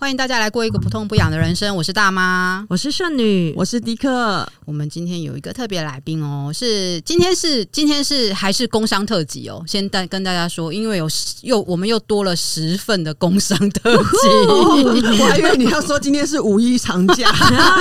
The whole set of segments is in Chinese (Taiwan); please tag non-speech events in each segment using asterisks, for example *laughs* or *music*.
歡迎大家來過一個普通不痛不癢的人生。我是大媽，我是聖女，我是迪克。我們今天有一個特別來賓哦，是今天是今天是還是工商特輯哦。先帶跟大家說，因為有十又我們又多了十份的工商特輯，哦、我還以為你要說今天是五一長假，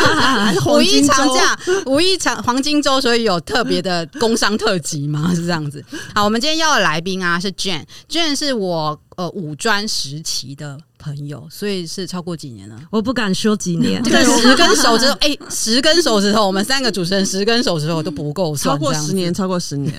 *laughs* 五一長假，五一長黃金週，所以有特別的工商特輯嗎？是這樣子。好，我們今天要的來賓啊，是 Jane，Jane 是我呃五專時期的。朋友，所以是超過幾年了？我不敢說幾年，對、 *laughs* 欸，十根手指頭，哎，十根手指頭，我們三個主持人十根手指頭都不夠，超過十年，超過十年。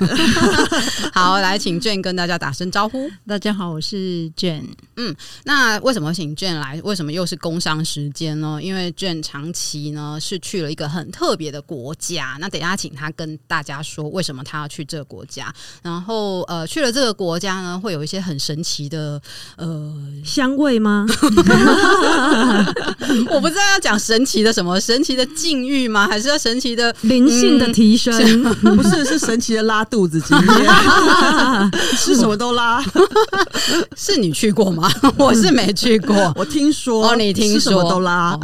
*laughs* 好，來，請娟跟大家打聲招呼。大家好，我是娟。嗯，那為什麼請娟來？為什麼又是工商時間呢？因為娟長期呢是去了一個很特別的國家。那等一下請他跟大家說為什麼他要去這個國家，然後呃，去了這個國家呢，會有一些很神奇的呃香味嗎？ *laughs* 我不知道要講神奇的什麼，神奇的境遇嗎？還是要神奇的靈性的提升？不是，是神奇的拉肚子境遇， *laughs* 是什麼都拉。 *laughs* 是你去過嗎？我是沒去過。 *laughs* 我聽說哦，oh, 你聽說，都拉。 *laughs*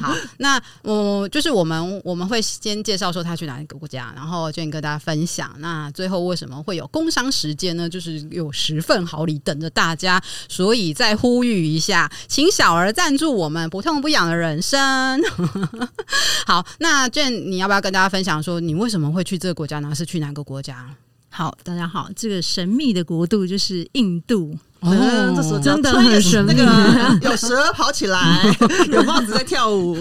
好，那我、嗯、就是我們我們會先介紹說他去哪個國家，然後就跟大家分享。那最後為什麼會有工商時間呢？就是有十份好禮等着大家，所以在呼籲。一下，請小額贊助我們不痛不癢的人生。 *laughs* 好，那俊，你要不要跟大家分享說，你為什麼會去這個國家呢？是去哪個國家？好，大家好，這個神秘的國度就是印度。嗯，這是、哦哦、真的很神秘的那個， *laughs* 有蛇跑起來， *laughs* 有帽子在跳舞。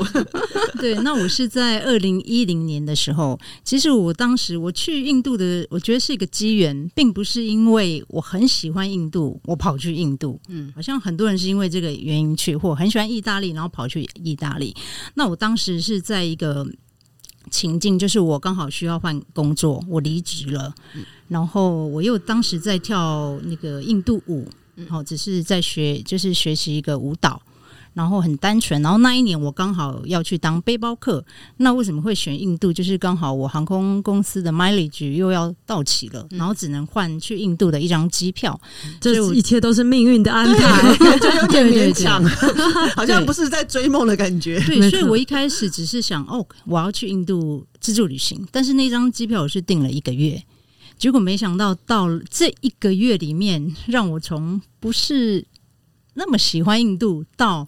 對，那我是在二零一零年的時候，其實我當時我去印度的，我覺得是一個機緣，並不是因為我很喜歡印度，我跑去印度。嗯，好像很多人是因為這個原因去，或很喜歡意大利，然後跑去意大利。那我當時是在一個。情境就是我剛好需要換工作，我離職了，然後我又當時在跳那個印度舞，然後只是在學，就是學習一個舞蹈。然後很單純，然後那一年我剛好要去當背包客，那為什麼會選印度？就是剛好我航空公司的 mileage 又要到期了，嗯、然後只能換去印度的一張機票，這一切都是命運的安排，okay, 就有點勉強，對對對對，好像不是在追夢的感覺。對，沒錯。所以，我一開始只是想，哦，我要去印度自助旅行，但是那張機票我是訂了一個月，結果沒想到到這一個月裡面，讓我從不是。那麼喜歡印度，到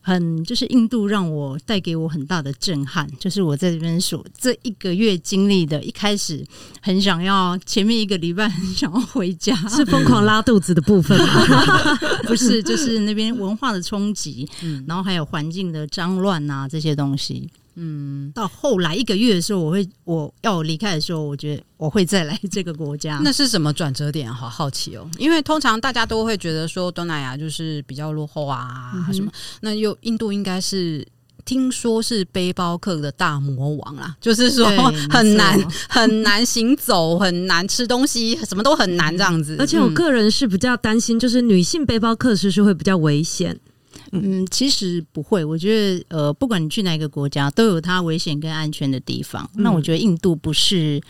很就是印度讓我帶給我很大的震撼，就是我在這邊所這一個月經歷的，一開始很想要，前面一個禮拜很想要回家。是瘋狂拉肚子的部分嗎？ *laughs* *laughs* 不是，就是那邊文化的衝擊，嗯， *laughs* 然後還有環境的髒亂啊這些東西。嗯，到後來一個月的時候我，我會我要離開的時候，我覺得我會再來這個國家。 *laughs* 那是什麼轉折點？好好奇哦，因為通常大家都會覺得說，東南亞就是比較落後啊啊，什麼。嗯哼。那又印度應該是聽說是背包客的大魔王啦，就是說很難，對，你說，很難，很難行走，很難吃東西，什麼都很難這樣子。而且我個人是比較擔心，就是女性背包客是不是會比較危險？嗯，其實不會。我覺得，呃，不管你去哪一個國家，都有它危險跟安全的地方。嗯。那我覺得印度不是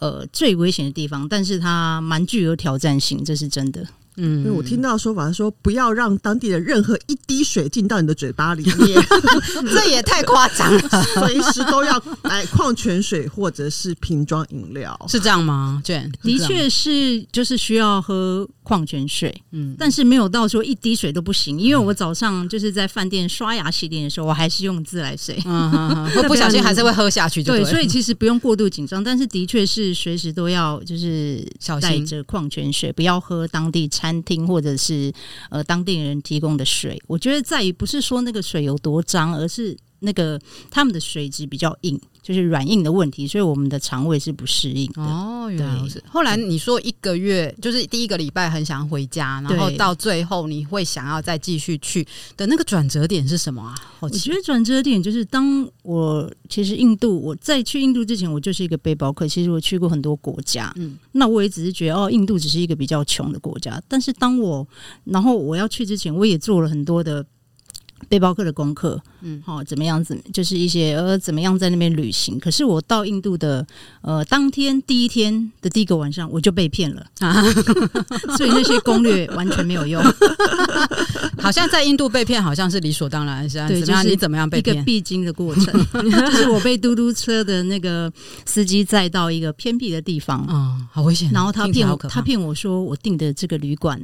呃最危險的地方，但是它蠻具有挑戰性，這是真的。嗯，所以我聽到的說法是說不要讓當地的任何一滴水進到你的嘴巴裡面， *laughs* 這也太誇張了。隨 *laughs* 時都要來礦泉水或者是瓶裝飲料是這樣嗎？對的確是就是需要喝礦泉水，嗯，但是沒有到說一滴水都不行。因為我早上就是在飯店刷牙洗臉的時候，我還是用自來水、嗯，嗯，不、嗯嗯、不小心還是會喝下去對。對，所以其實不用過度緊張，但是的確是隨時都要就是帶着礦泉水，不要喝當地餐。餐廳或者是呃當地人提供的水，我覺得在於不是說那個水有多髒，而是。那個他們的水質比較硬，就是軟硬的問題，所以我們的腸胃是不適應的哦。原來對後來你說一個月，就是第一個禮拜很想回家，對然後到最後你會想要再繼續去的那個轉折點是什麼啊？我覺得轉折點就是當我其實印度我在去印度之前，我就是一個背包客。其實我去過很多國家，嗯，那我也只是覺得哦，印度只是一個比較窮的國家。但是當我然後我要去之前，我也做了很多的。背包客的功課，嗯，好，怎麼樣子，就是一些呃，怎麼樣在那邊旅行？可是我到印度的呃當天第一天的第一個晚上，我就被騙了，所以那些攻略完全沒有用， *laughs* 好像在印度被騙，好像是理所當然，是啊，怎麼樣？就是、你怎麼樣被騙，一個必經的過程，就是我被嘟嘟車的那個司機載到一個偏僻的地方啊，嗯，好危險，然後他騙我，他騙我說我訂的這個旅館。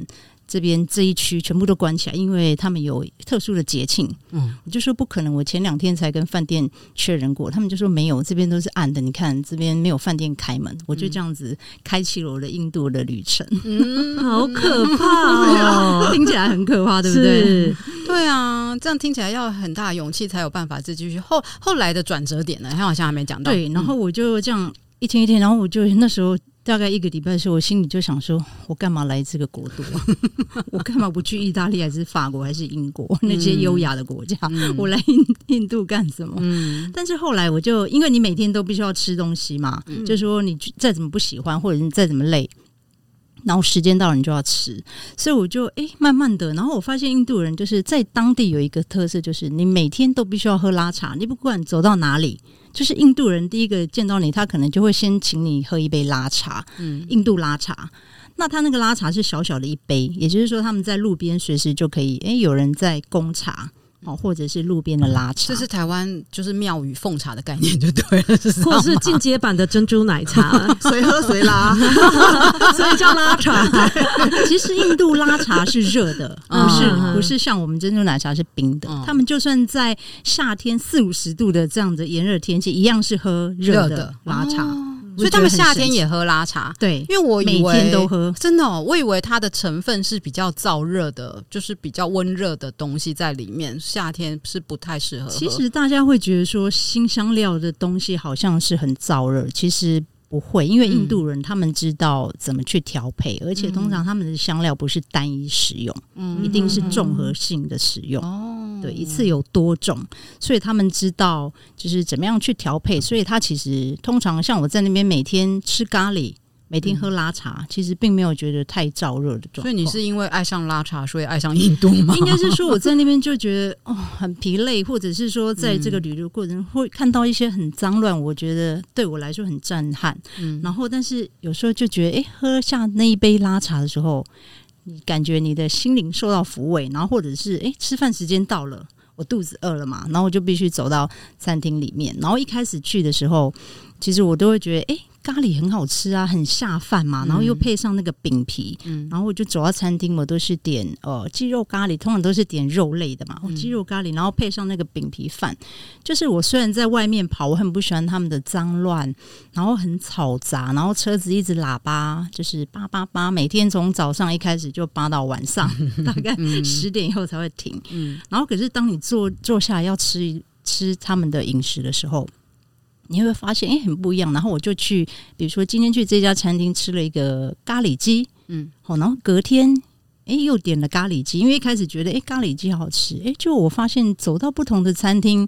這邊這一區全部都關起來，因為他們有特殊的節慶。嗯，我就說不可能，我前兩天才跟飯店確認過，他們就說沒有，這邊都是暗的。你看這邊沒有飯店開門，嗯、我就這樣子開啟了我的印度的旅程。嗯，好可怕喲、哦， *laughs* 聽起來很可怕，對不對？是對啊，這樣聽起來要很大勇氣才有辦法再繼續。後後來的轉折點呢？他好像還沒講到。對，然後我就這樣一天一天，然後我就那時候。大概一個禮拜的時候，我心裡就想說：我幹嘛來這個國度？ *laughs* 我幹嘛不去意大利，還是法國，還是英國 *laughs* 那些優雅的國家？嗯、我來印，印度幹什麼？嗯、但是後來我就，因為你每天都必須要吃東西嘛，嗯、就說你再怎麼不喜歡，或者你再怎麼累，然後時間到了你就要吃。所以我就哎、欸，慢慢的，然後我發現印度人就是在當地有一個特色，就是你每天都必須要喝拉茶，你不管走到哪裡。就是印度人第一個見到你，他可能就會先請你喝一杯拉茶，嗯，印度拉茶。那他那個拉茶是小小的一杯，也就是說他們在路邊隨時就可以，哎、欸，有人在供茶。或者是路邊的拉茶，這是台灣就是廟宇奉茶的概念，就對了。或者是進階版的珍珠奶茶，誰 *laughs* 喝誰拉， *laughs* 所以叫拉茶。 *laughs* *laughs* 其實印度拉茶是熱的，不是不是像我們珍珠奶茶是冰的。嗯、他們就算在夏天四五十度的這樣子炎熱天氣，一樣是喝熱的拉茶。所以他們夏天也喝拉茶，對，因為我為每天都喝，真的哦，我以為它的成分是比較燥熱的，就是比較溫熱的東西在裡面，夏天是不太適合。其實大家會覺得說辛香料的東西好像是很燥熱，其實。不會，因為印度人他們知道怎麼去調配，嗯、而且通常他們的香料不是單一使用，嗯、一定是綜合性的使用。哦、嗯，對，嗯、一次有多種，所以他們知道就是怎麼樣去調配。嗯、所以，他其實通常像我在那邊每天吃咖喱。每天喝拉茶，嗯、其實並沒有覺得太燥熱的狀。所以你是因為愛上拉茶，所以愛上印度嗎？ *laughs* 應該是說我在那邊就覺得哦很疲累，或者是說在這個旅遊過程中會看到一些很髒亂，我覺得對我來說很震撼。嗯，然後但是有時候就覺得誒、欸，喝下那一杯拉茶的時候，你感覺你的心靈受到撫慰。然後或者是誒、欸，吃飯時間到了，我肚子餓了嘛，然後我就必須走到餐廳裡面。然後一開始去的時候，其實我都會覺得誒。欸咖喱很好吃啊，很下飯嘛，然後又配上那個餅皮，嗯嗯、然後我就走到餐廳，我都是點呃雞肉咖喱，通常都是點肉類的嘛，雞、哦、雞肉咖喱，然後配上那個餅皮飯，嗯、就是我雖然在外面跑，我很不喜歡他們的髒亂，然後很吵雜，然後車子一直喇叭，就是叭叭叭，每天從早上一開始就叭到晚上，嗯、大概十點以後才會停，嗯、然後可是當你坐坐下來要吃吃他們的飲食的時候。你會發現，哎、欸，很不一樣。然後我就去，比如說今天去這家餐廳吃了一個咖喱雞，嗯，好，然後隔天，哎、欸，又點了咖喱雞，因為一開始覺得，欸、咖喱雞好吃，哎、欸，就我發現走到不同的餐廳，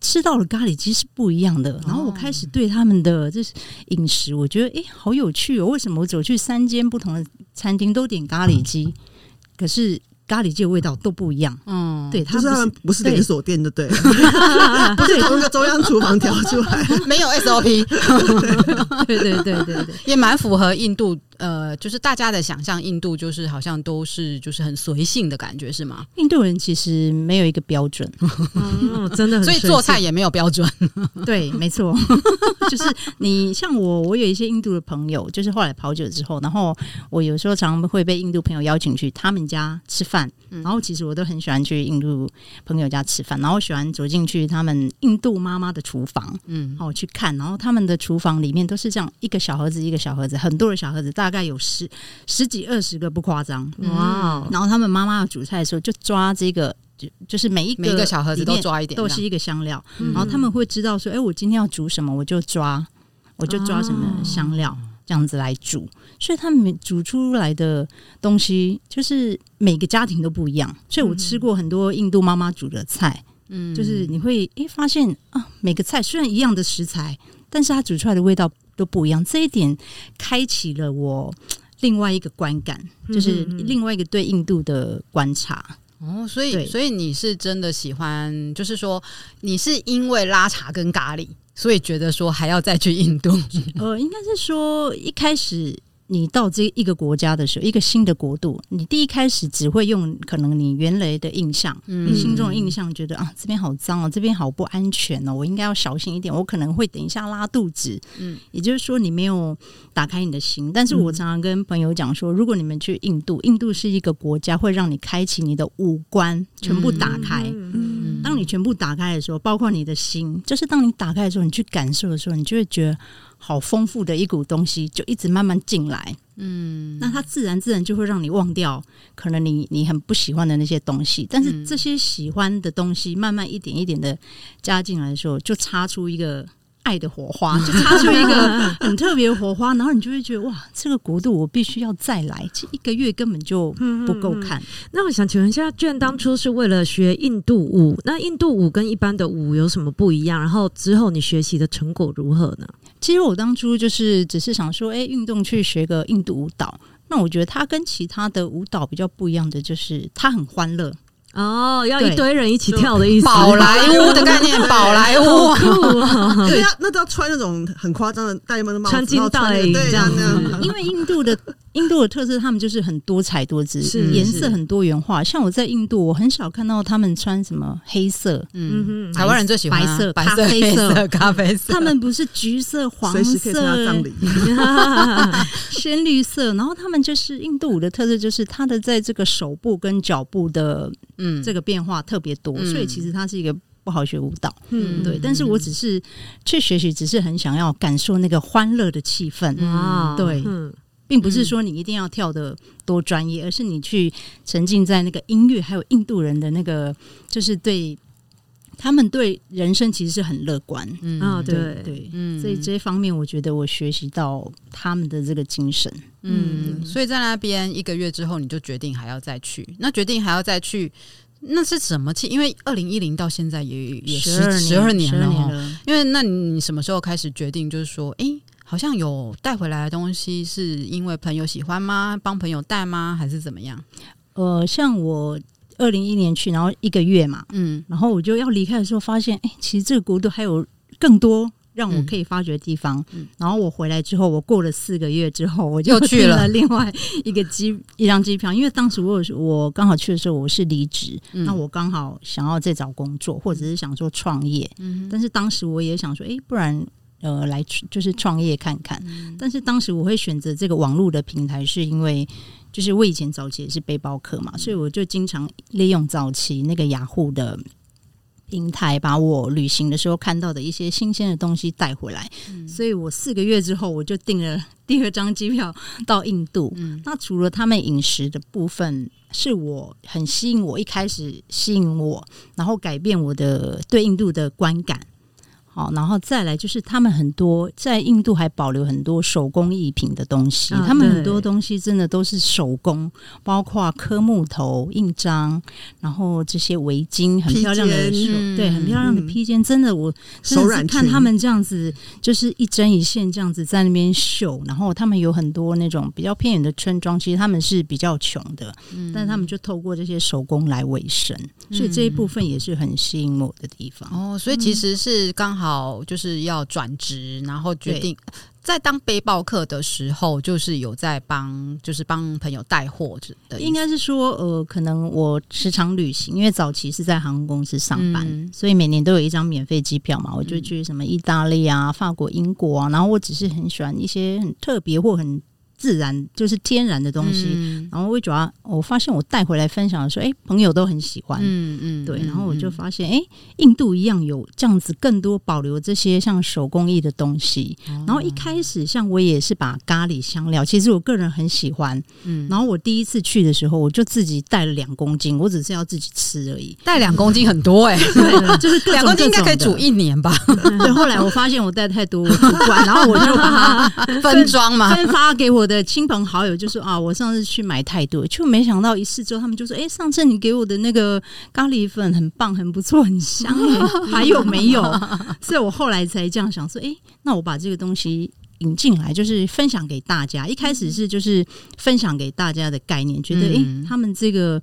吃到了咖喱雞是不一樣的。然後我開始對他們的就是飲食，哦、我覺得，哎、欸，好有趣哦，為什麼我走去三間不同的餐廳都點咖喱雞？嗯、可是。咖喱的味道都不一樣，嗯，對，他是就是他們不是連鎖店的，對， *laughs* 不是從一個中央廚房調出來， *laughs* 沒有 SOP， *laughs* 對對對對對，也蠻符合印度。呃，就是大家的想象，印度就是好像都是就是很隨性的感覺，是嗎？印度人其實沒有一個標準，嗯嗯哦、真的很，所以做菜也沒有標準。 *laughs* 對，沒錯， *laughs* 就是你像我，我有一些印度的朋友，就是後來跑酒之後，然後我有時候常常會被印度朋友邀請去他們家吃飯，嗯、然後其實我都很喜歡去印度朋友家吃飯，然後我喜歡走進去他們印度媽媽的廚房，嗯，好，去看，然後他們的廚房裡面都是這樣一個小盒子一個小盒子很多的小盒子，大。大概有十十幾二十個，不誇張哇！Wow 然後他們媽媽要煮菜的時候，就抓這個，就就是每一個，一個每一個小盒子都抓一點，都是一個香料。然後他們會知道說：“哎、欸，我今天要煮什麼，我就抓，我就抓什麼香料，這樣子來煮。”所以他們煮出來的東西，就是每個家庭都不一樣。所以我吃過很多印度媽媽煮的菜，嗯，就是你會、欸、發現啊，每個菜雖然一樣的食材，但是它煮出來的味道。都不一樣，這一點開啟了我另外一個觀感，嗯嗯嗯，就是另外一個對印度的觀察。哦，所以對所以你是真的喜歡，就是說你是因為拉茶跟咖喱，所以覺得說還要再去印度？ *laughs* 呃，應該是說一開始。你到這一個國家的時候，一個新的國度，你第一開始只會用可能你原來的印象，嗯、你心中的印象，覺得啊，這邊好髒哦，這邊好不安全哦，我應該要小心一點，我可能會等一下拉肚子，嗯，也就是說你沒有打開你的心。但是我常常跟朋友講說，嗯、如果你們去印度，印度是一個國家，會讓你開啟你的五官，全部打開。嗯嗯，當你全部打開的時候，包括你的心，就是當你打開的時候，你去感受的時候，你就會覺得好豐富的一股東西就一直慢慢進來。嗯，那它自然自然就會讓你忘掉可能你你很不喜歡的那些東西，但是這些喜歡的東西慢慢一點一點的加進來的時候，就擦出一個。愛的火花，就擦出一個很特別的火花，然後你就會覺得哇，這個國度我必須要再來，這一個月根本就不夠看。嗯嗯嗯，那我想請問一下，娟當初是為了學印度舞，那印度舞跟一般的舞有什麼不一樣？然後之後你學習的成果如何呢？其實我當初就是只是想說，哎、欸，運動去學個印度舞蹈。那我覺得它跟其他的舞蹈比較不一樣的，就是它很歡樂。哦，要一堆人一起跳的意思，寶萊塢的概念，寶萊塢，好酷啊！對，那都要穿那種很誇張的戴帽的帽子，穿金戴、那個、對。對這樣，這樣 *laughs* 因為印度的。印度的特色，他們就是很多彩多姿，顏色很多元化。像我在印度，我很少看到他們穿什麼黑色。嗯哼，台灣人最喜歡白色、白色、黑色、咖啡色。他們不是橘色、黃色、鮮綠色。然後他們就是印度舞的特色，就是它的在這個手部跟腳部的嗯這個變化特別多，所以其實它是一個不好學舞蹈。嗯，對。但是我只是去學習，只是很想要感受那個歡樂的氣氛。啊，對，嗯。並不是說你一定要跳得多專業，嗯、而是你去沉浸在那個音樂，還有印度人的那個，就是對他們對人生其實是很樂觀啊、嗯。對對，嗯，所以這一方面，我覺得我學習到他們的這個精神。嗯，對所以在那邊一個月之後，你就決定還要再去。那決定還要再去，那是什麼去？因為二零一零到現在也也十二十二年了。因為那你什麼時候開始決定？就是說，誒、欸。好像有帶回來的東西，是因為朋友喜歡嗎？幫朋友帶嗎？還是怎麼樣？呃，像我二零一一年去，然後一個月嘛，嗯，然後我就要離開的時候，發現，哎、欸，其實這個國度還有更多讓我可以發掘的地方。嗯嗯、然後我回來之後，我過了四個月之後，我就去了另外一個機，一張機票。因為當時我我剛好去的時候，我是離職，嗯、那我剛好想要再找工作，或者是想說創業。嗯，但是當時我也想說，哎、欸，不然。呃，來就是創業看看，嗯、但是當時我會選擇這個網絡的平台，是因為就是我以前早期也是背包客嘛，嗯、所以我就經常利用早期那個雅虎、ah、的平台，把我旅行的時候看到的一些新鮮的東西帶回來。嗯、所以我四個月之後，我就訂了第二張機票到印度。嗯、那除了他們飲食的部分，是我很吸引我，一開始吸引我，然後改變我的對印度的觀感。然後再來就是，他們很多在印度還保留很多手工藝品的東西，啊、他們很多東西真的都是手工，對包括刻木頭印章，然後這些圍巾很漂亮的手，披肩對，很漂亮的披肩，嗯嗯真的我真的是看他們這樣子，就是一針一線這樣子在那邊繡，然後他們有很多那種比較偏遠的村莊，其實他們是比較窮的，嗯、但是他們就透過這些手工來維生，所以這一部分也是很吸引我的地方。哦，所以其實是剛好、嗯。好，就是要轉職，然後決定在當背包客的時候，對就是有在幫，就是幫朋友帶貨的。應該是說，呃，可能我時常旅行，因為早期是在航空公司上班，嗯、所以每年都有一張免費機票嘛，我就去什麼意大利啊、法國、英國啊。然後我只是很喜歡一些很特別或很。自然就是天然的東西，嗯、然後我主要，我發現我帶回來分享的時候，哎，朋友都很喜歡，嗯嗯，嗯對，然後我就發現，哎、嗯，印度一樣有這樣子更多保留這些像手工藝的東西，嗯、然後一開始像我也是把咖喱香料，其實我個人很喜歡，嗯，然後我第一次去的時候，我就自己帶了兩公斤，我只是要自己吃而已，帶兩公斤很多哎、欸， *laughs* 就是這種這種兩公斤應該可以煮一年吧，嗯、對，後來我發現我帶太多煮罐，我不管，然後我就把它分裝嘛分，分發給我。我的親朋好友就說啊，我上次去買太多，就沒想到一試之後，他們就說，誒，上次你給我的那個咖喱粉很棒，很不錯，很香，很還有沒有？ *laughs* 所以我後來才這樣想說，誒，那我把這個東西引進來，就是分享給大家。一開始是就是分享給大家的概念，覺得、嗯、誒，他們這個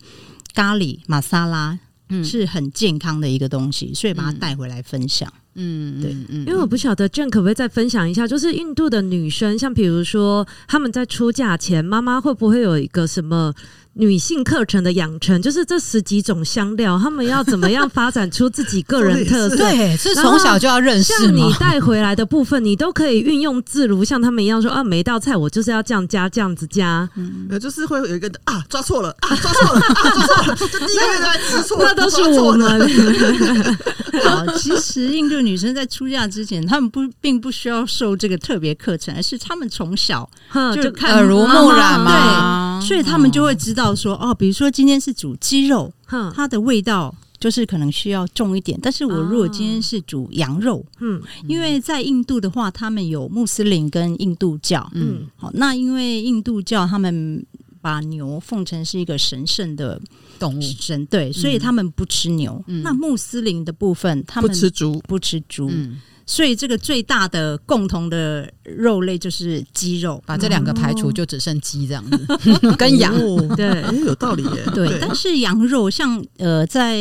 咖喱瑪莎拉是很健康的一個東西，所以把它帶回來分享。嗯，對，因為我不曉得 Jen 可不可以再分享一下，就是印度的女生，像比如說他們在出嫁前，媽媽會不會有一個什麼女性課程的養成？就是這十幾種香料，他們要怎麼樣發展出自己個人特色？ *laughs* 對，是從小就要認識嗎？像你帶回來的部分，你都可以運用自如，像他們一樣說啊，每一道菜我就是要這樣加，這樣子加，呃、嗯，就是會有一個啊，抓錯了，抓錯了，抓錯了，那都是我們。 *laughs* 好，其實印度女生在出嫁之前，她們不並不需要受這個特別課程，而是她們從小就看耳濡目染嘛，呃、對，所以她們就會知道說，哦，比如說今天是煮雞肉，呵它的味道就是可能需要重一點，但是我如果今天是煮羊肉，哦、嗯，嗯因為在印度的話，他們有穆斯林跟印度教，嗯，嗯，好，那因為印度教他們。把牛奉成是一個神聖的動物神，對，所以他們不吃牛。嗯、那穆斯林的部分，他們不吃豬，不吃豬。嗯、所以這個最大的共同的肉類就是雞肉。嗯、把這兩個排除，就只剩雞這樣子，哦、跟羊肉、哦、對，有道理耶。對，對但是羊肉像呃，在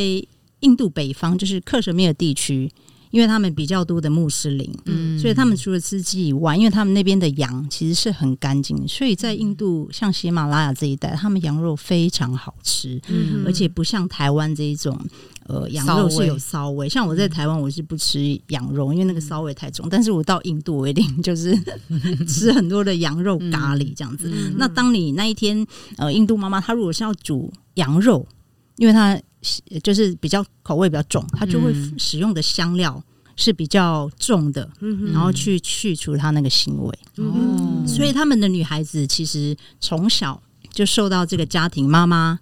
印度北方就是克什米爾地區。因為他們比較多的穆斯林，嗯，所以他們除了吃雞以外，因為他們那邊的羊其實是很乾淨，所以在印度，像喜馬拉雅這一帶，他們羊肉非常好吃，嗯哼，而且不像台灣這一種，呃，羊肉是有騷味。像我在台灣，我是不吃羊肉，因為那個騷味太重。但是我到印度，我一定就是吃很多的羊肉咖喱這樣子。嗯、哼那當你那一天，呃，印度媽媽她如果是要煮羊肉，因為她。就是比較口味比較重，他就會使用的香料是比較重的，嗯、哼然後去去除他那個腥味。嗯哼，所以他們的女孩子其實從小就受到這個家庭媽媽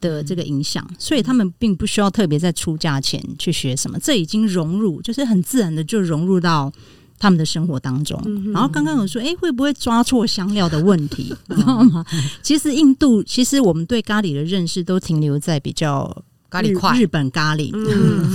的這個影響，所以他們並不需要特別在出嫁前去學什麼，這已經融入，就是很自然的就融入到他們的生活當中。嗯、哼然後剛剛有說，誒、欸，會不會抓錯香料的問題？ *laughs* 知道嗎？ *laughs* 其實印度，其實我們對咖喱的認識都停留在比較。咖喱塊，日本咖喱，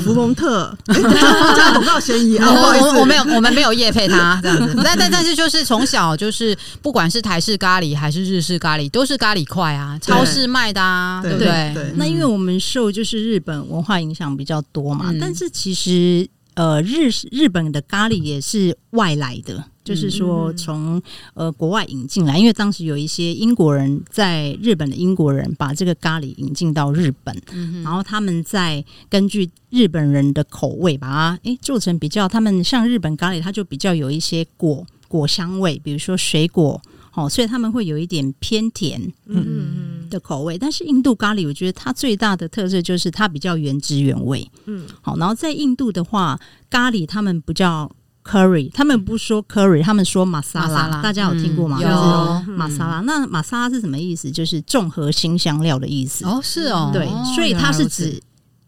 佛蒙特，這樣有沒嫌疑啊？我我我沒有，我們沒有業配它。這樣子，但但但是就是從小就是不管是台式咖喱還是日式咖喱，都是咖喱塊啊，超市賣的啊，對不對？那因為我們受就是日本文化影響比較多嘛，但是其實呃日日本的咖喱也是外來的。就是說從，從呃國外引進來，因為當時有一些英國人在日本的英國人把這個咖喱引進到日本，嗯、哼然後他們在根據日本人的口味把它，哎、欸，做成比較他們像日本咖喱，它就比較有一些果果香味，比如說水果，哦，所以他們會有一點偏甜，嗯的口味。嗯、哼但是印度咖喱，我覺得它最大的特色就是它比較原汁原味。嗯，好，然後在印度的話，咖喱他們比較 Curry，他們不說 Curry，他們說瑪莎拉啦。大家有聽過嗎？嗯、有瑪莎拉。說瑪莎拉，嗯、那瑪莎拉是什麼意思？就是綜合辛香料的意思。哦，是哦。對，所以它是指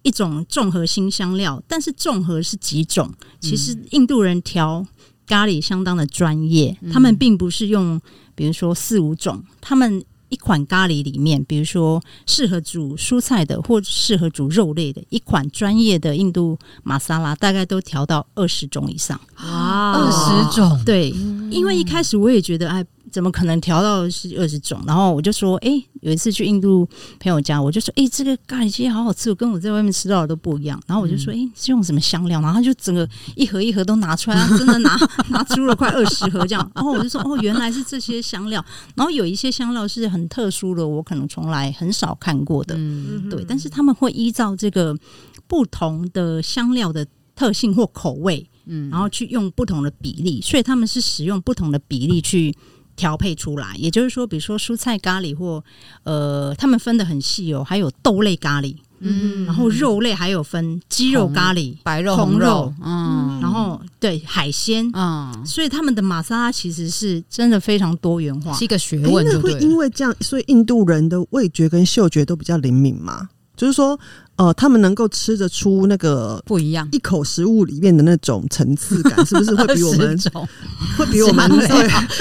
一種綜合辛香料，但是綜合是幾種？其實印度人調咖喱相當的專業，他們並不是用比如說四五種，他們。一款咖喱裡面，比如說適合煮蔬菜的，或適合煮肉類的，一款專業的印度馬莎拉大概都調到二十種以上。啊，二十種！對，嗯、因為一開始我也覺得哎。怎麼可能調到是二十種？然後我就說，哎、欸，有一次去印度朋友家，我就說，哎、欸，這個咖喱雞好好吃，我跟我在外面吃到的都不一樣。然後我就說，哎、欸，是用什麼香料？然後他就整個一盒一盒都拿出來，真的拿 *laughs* 拿出了快二十盒這樣。然後我就說，哦，原來是這些香料。然後有一些香料是很特殊的，我可能從來很少看過的，嗯、對。但是他們會依照這個不同的香料的特性或口味，嗯，然後去用不同的比例，所以他們是使用不同的比例去。調配出來，也就是說，比如說蔬菜咖喱或呃，他們分得很細哦、喔，還有豆類咖喱，嗯，然後肉類還有分雞肉咖喱、白肉、紅肉，紅肉，嗯，嗯然後對海鮮，嗯，所以他們的瑪莎拉其實是真的非常多元化，是一個學問。的、欸、會因為這樣，所以印度人的味覺跟嗅覺都比較靈敏嘛，就是說。哦，他們能夠吃得出那個不一樣，一口食物裡面的那種層次感，是不是會比我們會比我們美。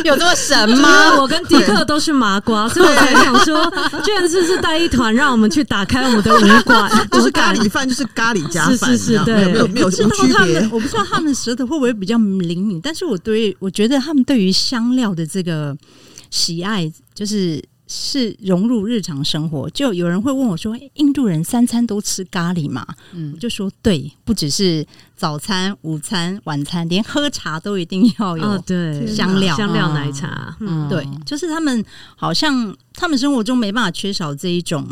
有多神嗎？我跟迪克都是麻瓜，所以我才想說，居然是不是帶一團讓我們去打開我們的五官，就是咖喱飯，就是咖喱加飯，是是，對，沒有沒有什麼區別。我不知道他們舌頭會不會比較靈敏，但是我對我覺得他們對於香料的這個喜愛就是。是融入日常生活。就有人會問我說：“欸，印度人三餐都吃咖喱嘛？”嗯，我就說：“對，不只是早餐、午餐、晚餐，連喝茶都一定要有香料，哦，對，香料奶茶。”嗯，嗯對，就是他們好像他們生活中沒辦法缺少這一種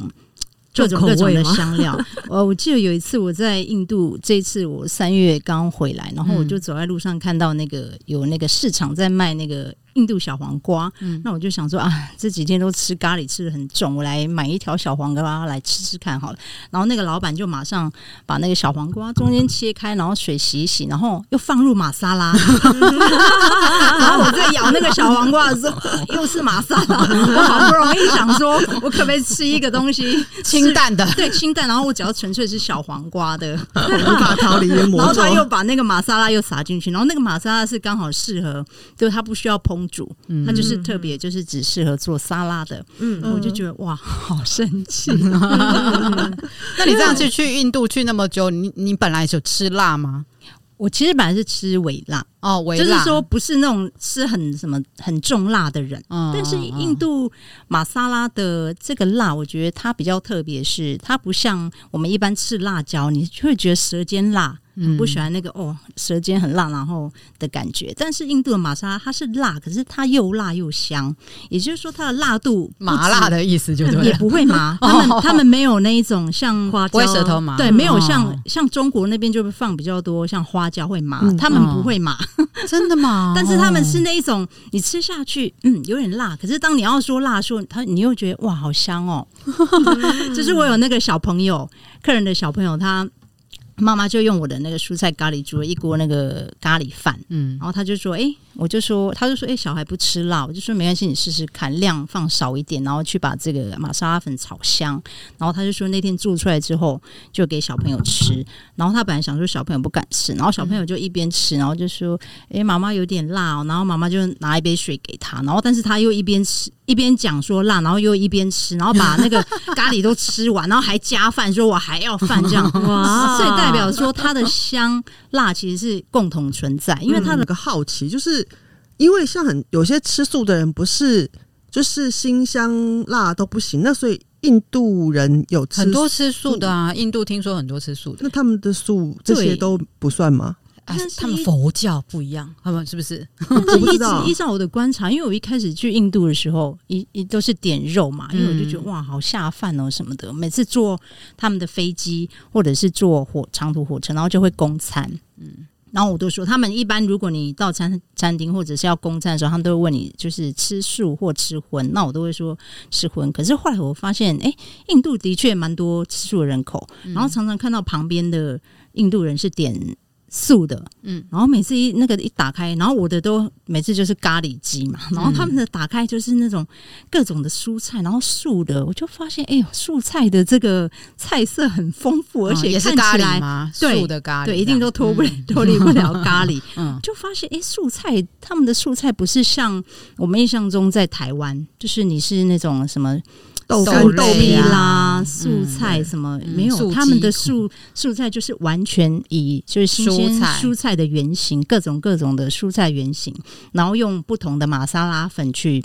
各種各種各種的香料。我味 *laughs* 我記得有一次我在印度，這次我三月剛回來，然後我就走在路上看到那個有那個市場在賣那個。印度小黃瓜，嗯，那我就想說啊，這幾天都吃咖喱，吃的很重，我來買一條小黃瓜來吃吃看好了。然後那個老板就馬上把那個小黃瓜中間切開，然後水洗一洗，然後又放入瑪莎拉。 *laughs* *laughs* 然後我在咬那個小黃瓜的時候，又是瑪莎拉。我好不容易想說，我可不可以吃一個東西清淡的？對，清淡。然後我只要純粹是小黃瓜的，我卡卡裡面然後他又把那個瑪莎拉又撒進去，然後那個瑪莎拉是剛好適合，就是他不需要烹。主，它、嗯、就是特別，就是只適合做沙拉的。嗯，我就覺得、嗯、哇，好神奇啊！那你這樣去印度去那麼久，你你本來就吃辣嗎？我其實本來是吃微辣哦，微辣，就是說不是那種吃很什麼很重辣的人。嗯，但是印度馬沙拉的這個辣，我覺得它比較特別，是它不像我們一般吃辣椒，你就會覺得舌尖辣。不喜歡那個哦，舌尖很辣，然後的感覺。但是印度的瑪莎拉它是辣，可是它又辣又香，也就是說它的辣度麻辣的意思就對了，也不會麻。他們、哦、他們沒有那一種像花椒，舌頭麻。對，沒有像、哦、像中國那邊就會放比較多像花椒會麻，嗯哦、他們不會麻，真的嗎？ *laughs* 但是他們是那一種，你吃下去嗯有點辣，可是當你要說辣的時候你又覺得哇好香哦。嗯啊、就是我有那個小朋友，客人的小朋友他。媽媽就用我的那個蔬菜咖喱煮了一鍋那個咖喱飯，嗯，然後他就說，哎，我就說，他就說，哎，小孩不吃辣，我就說沒關係，你試試看，量放少一點，然後去把這個瑪莎拉粉炒香，然後他就說那天做出來之後就給小朋友吃，然後他本來想說小朋友不敢吃，然後小朋友就一邊吃，然後就說，哎，媽媽有點辣哦，然後媽媽就拿一杯水給他，然後但是他又一邊吃一邊講說辣，然後又一邊吃，然後把那個咖喱都吃完，然後還加飯，說我還要飯這樣哇。好代表說它的香辣其實是共同存在，因為他那個好奇，就是因為像很有些吃素的人不是就是辛香辣都不行，那所以印度人有吃很多吃素的啊，素印度聽說很多吃素的，那他們的素這些都不算嗎？但是他們佛教不一樣，他們是不是？不一直依照我的觀察，因為我一開始去印度的時候，一一都是點肉嘛，因為我就覺得哇，好下飯哦、喔、什麼的。每次坐他們的飛機或者是坐火長途火車，然後就會供餐。嗯，然後我都說，他們一般如果你到餐餐廳或者是要供餐的時候，他們都會問你就是吃素或吃葷，那我都會說吃葷。可是後來我發現，哎、欸，印度的確蠻多吃素的人口，然後常常看到旁邊的印度人是點。素的，嗯，然後每次一那個一打開，然後我的都每次就是咖喱雞嘛，然後他們的打開就是那種各種的蔬菜，然後素的，我就發現哎，素菜的這個菜色很豐富，而且也是咖喱嘛對素的咖喱對，對，一定都脫不了、嗯、脫離不了咖喱。嗯，就發現哎，素菜他們的素菜不是像我們印象中在台灣，就是你是那種什麼。豆粉、啊、豆皮啦，素菜什麼、嗯、沒有？他們的素素菜就是完全以就是蔬菜蔬菜的原型，各種各種的蔬菜原型，然後用不同的瑪莎拉粉去。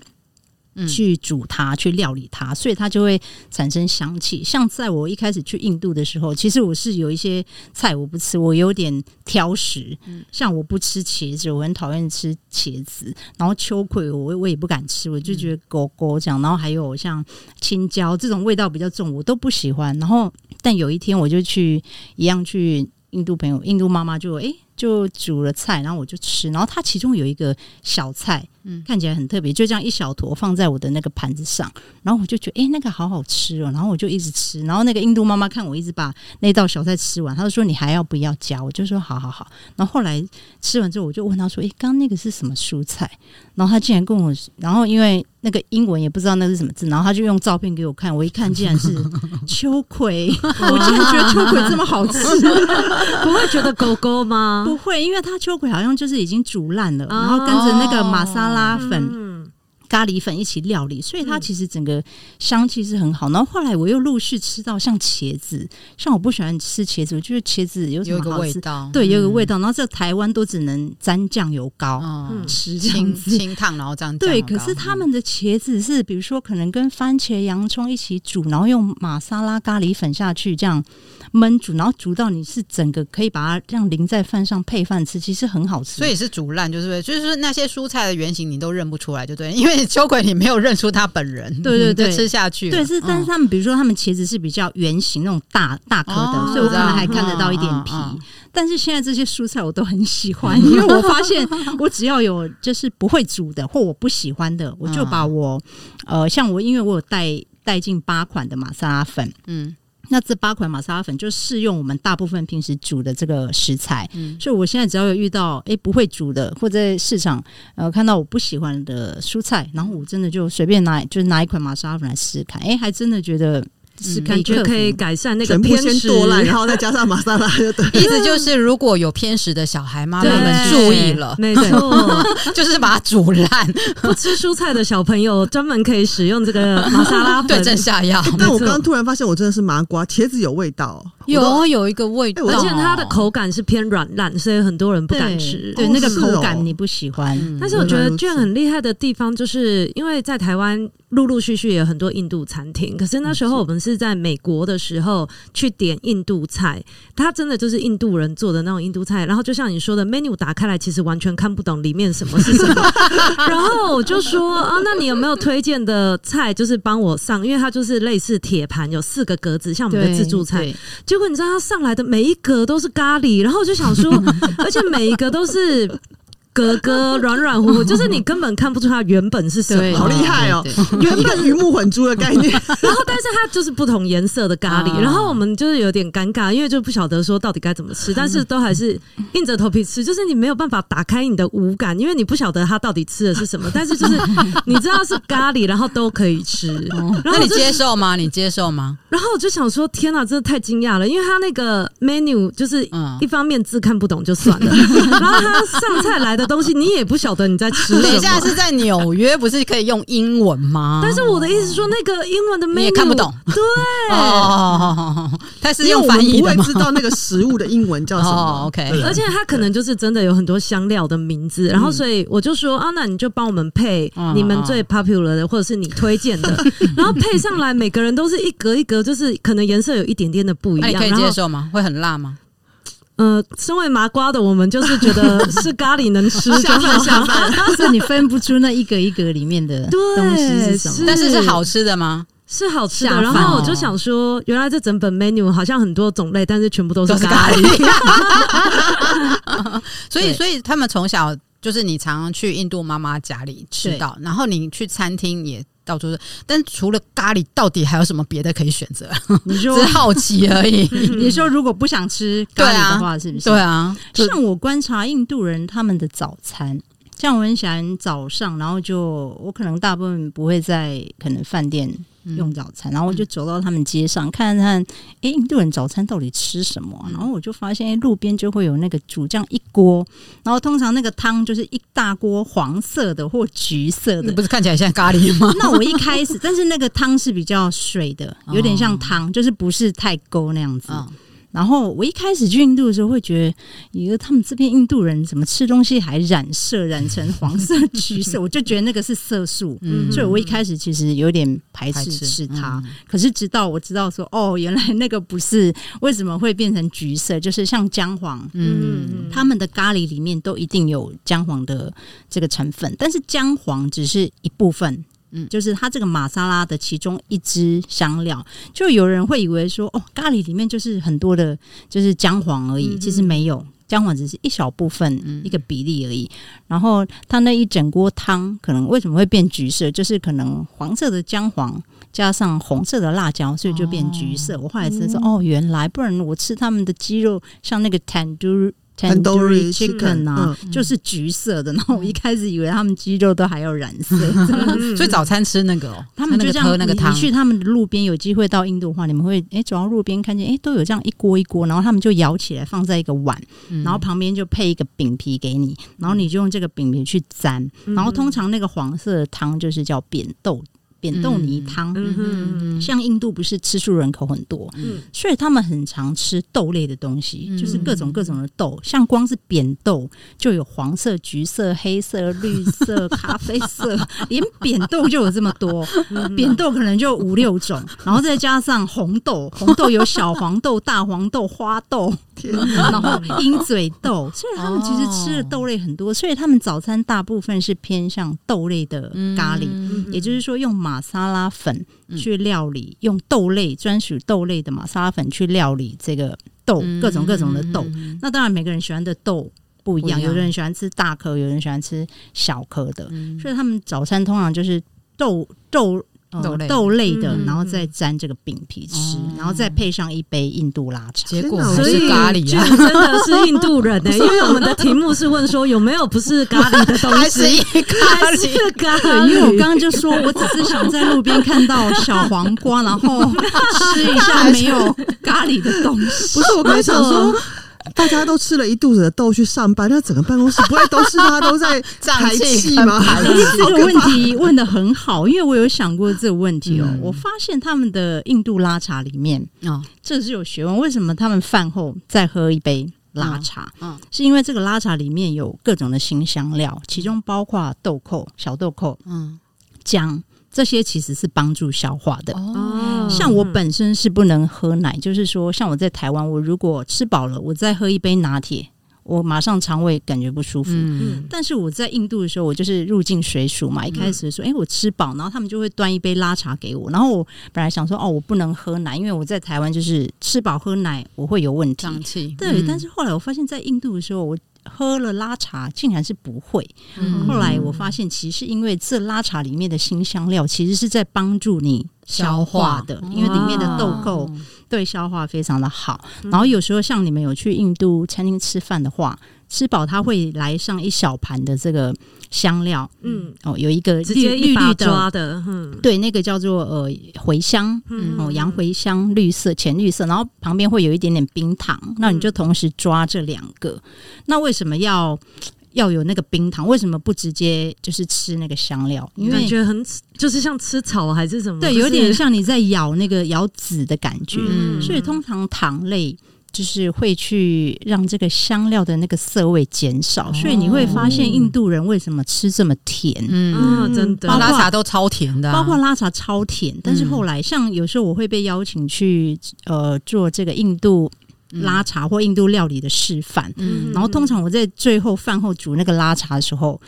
去煮它，去料理它，所以它就會產生香氣。像在我一開始去印度的時候，其實我是有一些菜我不吃，我有點挑食。像我不吃茄子，我很討厭吃茄子，然後秋葵我我也不敢吃，我就覺得狗狗這樣。然後還有像青椒這種味道比較重，我都不喜歡。然後但有一天我就去一樣去印度朋友，印度媽媽就哎。欸就煮了菜，然後我就吃。然後它其中有一個小菜，嗯、看起來很特別，就這樣一小坨放在我的那個盤子上。然後我就覺得，誒、欸、那個好好吃哦、喔。然後我就一直吃。然後那個印度媽媽看我一直把那道小菜吃完，她就說：“你還要不要加？”我就說：“好好好。”然後後來吃完之後，我就問她說：“誒、欸，剛那個是什麼蔬菜？”然後她竟然跟我，然後因為那個英文也不知道那個是什麼字，然後她就用照片給我看。我一看，竟然是秋葵。哇我竟然覺得秋葵這麼好吃，哇 *laughs* 不會覺得狗狗嗎？不會，因為它秋葵好像就是已經煮爛了，哦、然後跟着那個馬莎拉粉、嗯、咖喱粉一起料理，所以它其實整個香氣是很好。嗯、然後後來我又陸續吃到像茄子，像我不喜歡吃茄子，我覺得茄子有，有一個味道，對，有個味道。嗯、然後在台灣都只能沾醬油膏、嗯、吃清、清燙然後沾醬對。可是他們的茄子是，比如說可能跟番茄、洋蔥一起煮，然後用馬莎拉咖喱粉下去這樣。燜煮，然後煮到你是整個可以把它這樣淋在飯上配飯吃，其實很好吃。所以是煮爛，就是不就是那些蔬菜的原型你都認不出來，就對，因為秋葵你沒有認出它本人，對對對，吃下去。對，是但是他們、嗯、比如說他們茄子是比較圓形那種大大顆的，哦、所以我可能還看得到一點皮。哦嗯嗯嗯、但是現在這些蔬菜我都很喜歡，因為我發現我只要有就是不會煮的或我不喜歡的，我就把我、嗯、呃像我因為我有帶帶進八款的瑪莎拉粉，嗯。那這八款瑪莎拉粉就適用我們大部分平時煮的這個食材，嗯、所以我現在只要有遇到誒、欸、不會煮的，或者市場呃看到我不喜歡的蔬菜，然後我真的就隨便拿就是拿一款瑪莎拉粉來試試看，誒、欸、還真的覺得。是感覺可以改善那個偏食，多爛，然後再加上瑪薩拉，意思就是如果有偏食的小孩，媽媽們注意了，沒錯，就是把它煮爛。不吃蔬菜的小朋友，專門可以使用這個瑪薩拉粉，對症下藥。但我剛剛突然發現，我真的是麻瓜，茄子有味道，有有一個味道，而且它的口感是偏軟爛，所以很多人不敢吃。對那個口感你不喜歡，但是我覺得這樣很厲害的地方，就是因為在台灣。陸陸續續也有很多印度餐廳，可是那時候我們是在美國的時候去點印度菜，它真的就是印度人做的那種印度菜。然後就像你說的，menu 打開來其實完全看不懂裡面什麼是什麼， *laughs* 然後我就說啊，那你有沒有推薦的菜，就是幫我上，因為它就是類似鐵盤，有四個格子，像我們的自助餐。結果你知道它上來的每一格都是咖喱，然後我就想說，而且每一個都是。格格軟軟乎乎，就是你根本看不出它原本是什麼，對對對，好厲害哦！對對對，原本魚目混珠的概念。 *laughs* 然後，但是它就是不同顏色的咖喱。然後我們就是有點尷尬，因為就不曉得說到底該怎麼吃，但是都還是硬着頭皮吃。就是你沒有辦法打開你的五感，因為你不曉得它到底吃的是什麼。但是就是你知道是咖喱，然後都可以吃。那你接受嗎？你接受嗎？然後我就想說，天哪、啊，真的太驚訝了，因為他那個 menu 就是，一方面字看不懂就算了，然後他上菜來。的東西你也不曉得你在吃。你現在是在紐約，不是可以用英文嗎？但是我的意思是說，那個英文的 menu, 你也看不懂。對，他、oh, oh, oh, oh, oh, oh. 是用翻譯的嗎？我不會知道那個食物的英文叫什麼、oh,？OK 了。而且他可能就是真的有很多香料的名字。對然後，所以我就說啊，那你就幫我們配你們最 popular 的，或者是你推薦的。嗯、然後配上來，每個人都是一格一格，就是可能顏色有一點點的不一樣。啊、可以接受嗎？後會很辣嗎？呃，身為麻瓜的我們，就是覺得是咖喱能吃就，就 *laughs* *laughs* 但是你分不出那一格一格裡面的東西是什麼。是但是是好吃的嗎？是好吃的。喔，然後我就想說，原來這整本 menu 好像很多種類，但是全部都是咖喱。咖 *laughs* *laughs* 所以，所以他們從小就是你常常去印度媽媽家裡吃到，對然後你去餐廳也。到處是，但除了咖喱，到底還有什麼別的可以選擇？你說 *laughs* 好奇而已。 *laughs* 你說如果不想吃咖喱的話，啊、是不是？對啊，像我觀察印度人，他們的早餐，像我很喜歡早上，然後就我可能大部分不會在可能飯店。用早餐，然後我就走到他們街上看看，哎，印度人早餐到底吃什麼啊？然後我就發現，誒，路邊就會有那個煮這樣一鍋，然後通常那個湯就是一大鍋黃色的或橘色的，不是看起來像咖喱嗎？ *laughs* 那我一開始，但是那個湯是比較水的，有點像湯，就是不是太勾那樣子。哦然後我一開始去印度的時候，會覺得，他們這邊印度人怎麼吃東西還染色，染成黃色、橘色， *laughs* 我就覺得那個是色素，嗯、所以我一開始其實有點排斥吃它。嗯、可是直到我知道說，哦，原來那個不是，為什麼會變成橘色？就是像薑黃，嗯，他們的咖喱裡面都一定有薑黃的這個成分，但是薑黃只是一部分。嗯，就是它這個馬沙拉的其中一支香料，就有人會以為說，哦，咖喱裡面就是很多的，就是薑黃而已。嗯、哼其實沒有薑黃，只是一小部分、嗯、一個比例而已。然後它那一整鍋湯，可能為什麼會變橘色，就是可能黃色的薑黃加上紅色的辣椒，所以就變橘色。哦、我後來才知道，哦，原來不然我吃他們的雞肉，像那個 tandoori Tandoori chicken，啊嗯、就是橘色的呢。然後我一開始以為他們雞肉都還要染色，嗯、 *laughs* 所以早餐吃那個、哦，他們就這樣喝那、那個湯。你去他們路邊有機會到印度的話，你們會哎走到路邊看見哎、欸、都有這樣一鍋一鍋，然後他們就舀起來放在一個碗，嗯、然後旁邊就配一個餅皮給你，然後你就用這個餅皮去沾。然後通常那個黃色的湯就是叫扁豆。扁豆泥湯，嗯、像印度不是吃素人口很多，嗯、所以他們很常吃豆類的東西，嗯、就是各種各種的豆。像光是扁豆就有黃色、橘色、黑色、綠色、咖啡色，連扁豆就有這麼多。扁豆可能就五六種，然後再加上紅豆，紅豆有小黃豆、大黃豆、花豆，啊、然後鷹嘴豆，所以他們其實吃的豆類很多，所以他們早餐大部分是偏向豆類的咖喱，嗯、也就是說用麻。馬薩拉粉去料理，嗯、用豆類專屬豆類的馬薩拉粉去料理這個豆，嗯、各種各種的豆。嗯嗯、那當然，每個人喜歡的豆不一樣，不一樣，有人喜歡吃大顆，有人喜歡吃小顆的，嗯、所以他們早餐通常就是豆豆。.豆類，豆類的，然後再沾這個餅皮吃，嗯嗯嗯，然後再配上一杯印度拉茶，嗯嗯拉，結果還是咖喱啊！真的是印度人的、欸， *laughs* 是因為我們的題目是問說有沒有不是咖喱的東西， *laughs* 還是咖喱？還是咖哩 *laughs* 因為我剛剛就說我只是想在路邊看到小黃瓜，然後吃一下沒有咖喱的東西。 *laughs* 不是，我剛想說。大家都吃了一肚子的豆去上班，那整個辦公室不會都是他都在排氣嗎？ *laughs* 因為這個問題問得很好，因為我有想過這個問題哦、喔。嗯嗯我發現他們的印度拉茶裡面，嗯、這是有學問。為什麼他們飯後再喝一杯拉茶？嗯，嗯是因為這個拉茶裡面有各種的辛香料，其中包括豆蔻、小豆蔻、嗯、薑。這些其實是幫助消化的。哦，像我本身是不能喝奶，就是說，像我在台灣，我如果吃飽了，我再喝一杯拿鐵，我馬上腸胃感覺不舒服。嗯，但是我在印度的時候，我就是入境隨俗嘛，一開始說，哎，我吃飽，然後他們就會端一杯拉茶給我，然後我本來想說，哦，我不能喝奶，因為我在台灣就是吃飽喝奶我會有問題。脹氣。對，但是後來我發現，在印度的時候我。喝了拉茶，竟然是不會。嗯、後來我發現，其實是因為這拉茶裡面的辛香料，其實是在幫助你消化的，化因為裡面的豆蔻對消化非常的好。哇然後有時候像你們有去印度餐廳吃飯的話。吃飽它會來上一小盤的這個香料，嗯，哦，有一個直接一把抓的，對，那個叫做呃茴香，嗯，哦、嗯，洋茴香，綠色、淺綠色，然後旁邊會有一點點冰糖，那你就同時抓這兩個。嗯、那為什麼要要有那個冰糖？為什麼不直接就是吃那個香料？因為感覺得很就是像吃草還是什麼？對，是有點像你在咬那個咬籽的感覺。嗯、所以通常糖類。就是會去讓這個香料的那個澀味減少，哦、所以你會發現印度人為什麼吃這麼甜。哦、嗯啊，真的、嗯，包括拉茶都超甜的、啊，包括拉茶超甜。但是後來，嗯、像有時候我會被邀請去呃做這個印度拉茶或印度料理的示範，嗯、然後通常我在最後飯後煮那個拉茶的時候。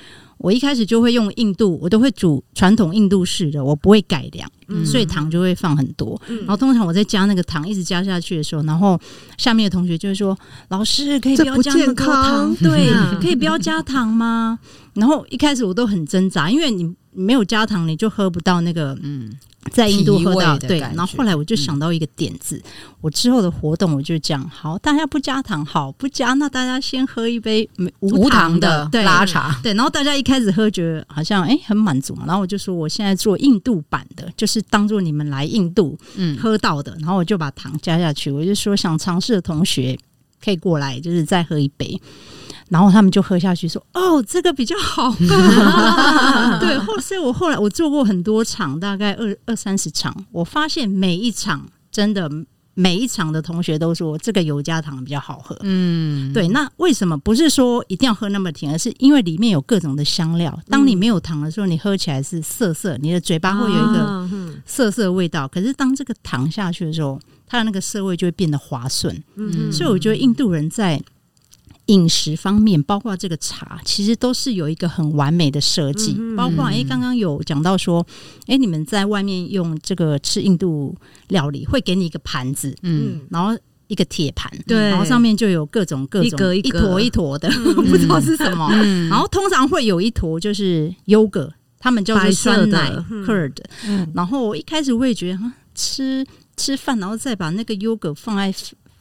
我一開始就會用印度，我都會煮傳統印度式的，我不會改良，嗯、所以糖就會放很多。嗯、然後通常我在加那個糖一直加下去的時候，然後下面的同學就會說：“老師可以不要加糖？對、啊， *laughs* 可以不要加糖嗎？”然後一開始我都很掙扎，因為你。沒有加糖，你就喝不到那個嗯，在印度喝到，嗯、的。對，然後後來我就想到一個點子，嗯、我之後的活動我就講：好，大家不加糖，好不加，那大家先喝一杯沒無糖的拉茶。對，嗯、對，然後大家一開始喝，覺得好像誒很滿足嘛。然後我就說，我現在做印度版的，就是當做你們來印度嗯，喝到的。嗯、然後我就把糖加下去，我就說想嘗試的同學可以過來，就是再喝一杯。然後他們就喝下去，說：“哦，這個比較好喝。” *laughs* 對，後所以我後來我做過很多場，大概二二三十場，我發現每一場真的每一場的同學都說這個有加糖比較好喝。嗯，對。那為什麼不是說一定要喝那麼甜？而是因為裡面有各種的香料。當你沒有糖的時候，你喝起來是澀澀，你的嘴巴會有一個澀澀味道。可是當這個糖下去的時候，它的那個澀味就會變得滑順。嗯，所以我覺得印度人在。飲食方面，包括這個茶，其實都是有一個很完美的設計，嗯。包括哎、剛、欸、剛有講到說，哎、欸，你們在外面用這個吃印度料理，會給你一個盤子，嗯，然後一個鐵盤，對，然後上面就有各種各種一個一個一坨一坨的，嗯，不知道是什麼。嗯嗯，然後通常會有一坨就是優格，他們叫做酸奶 curd。的嗯、d, 然後我一開始會覺得，啊，吃吃飯，然後再把那個優格放在。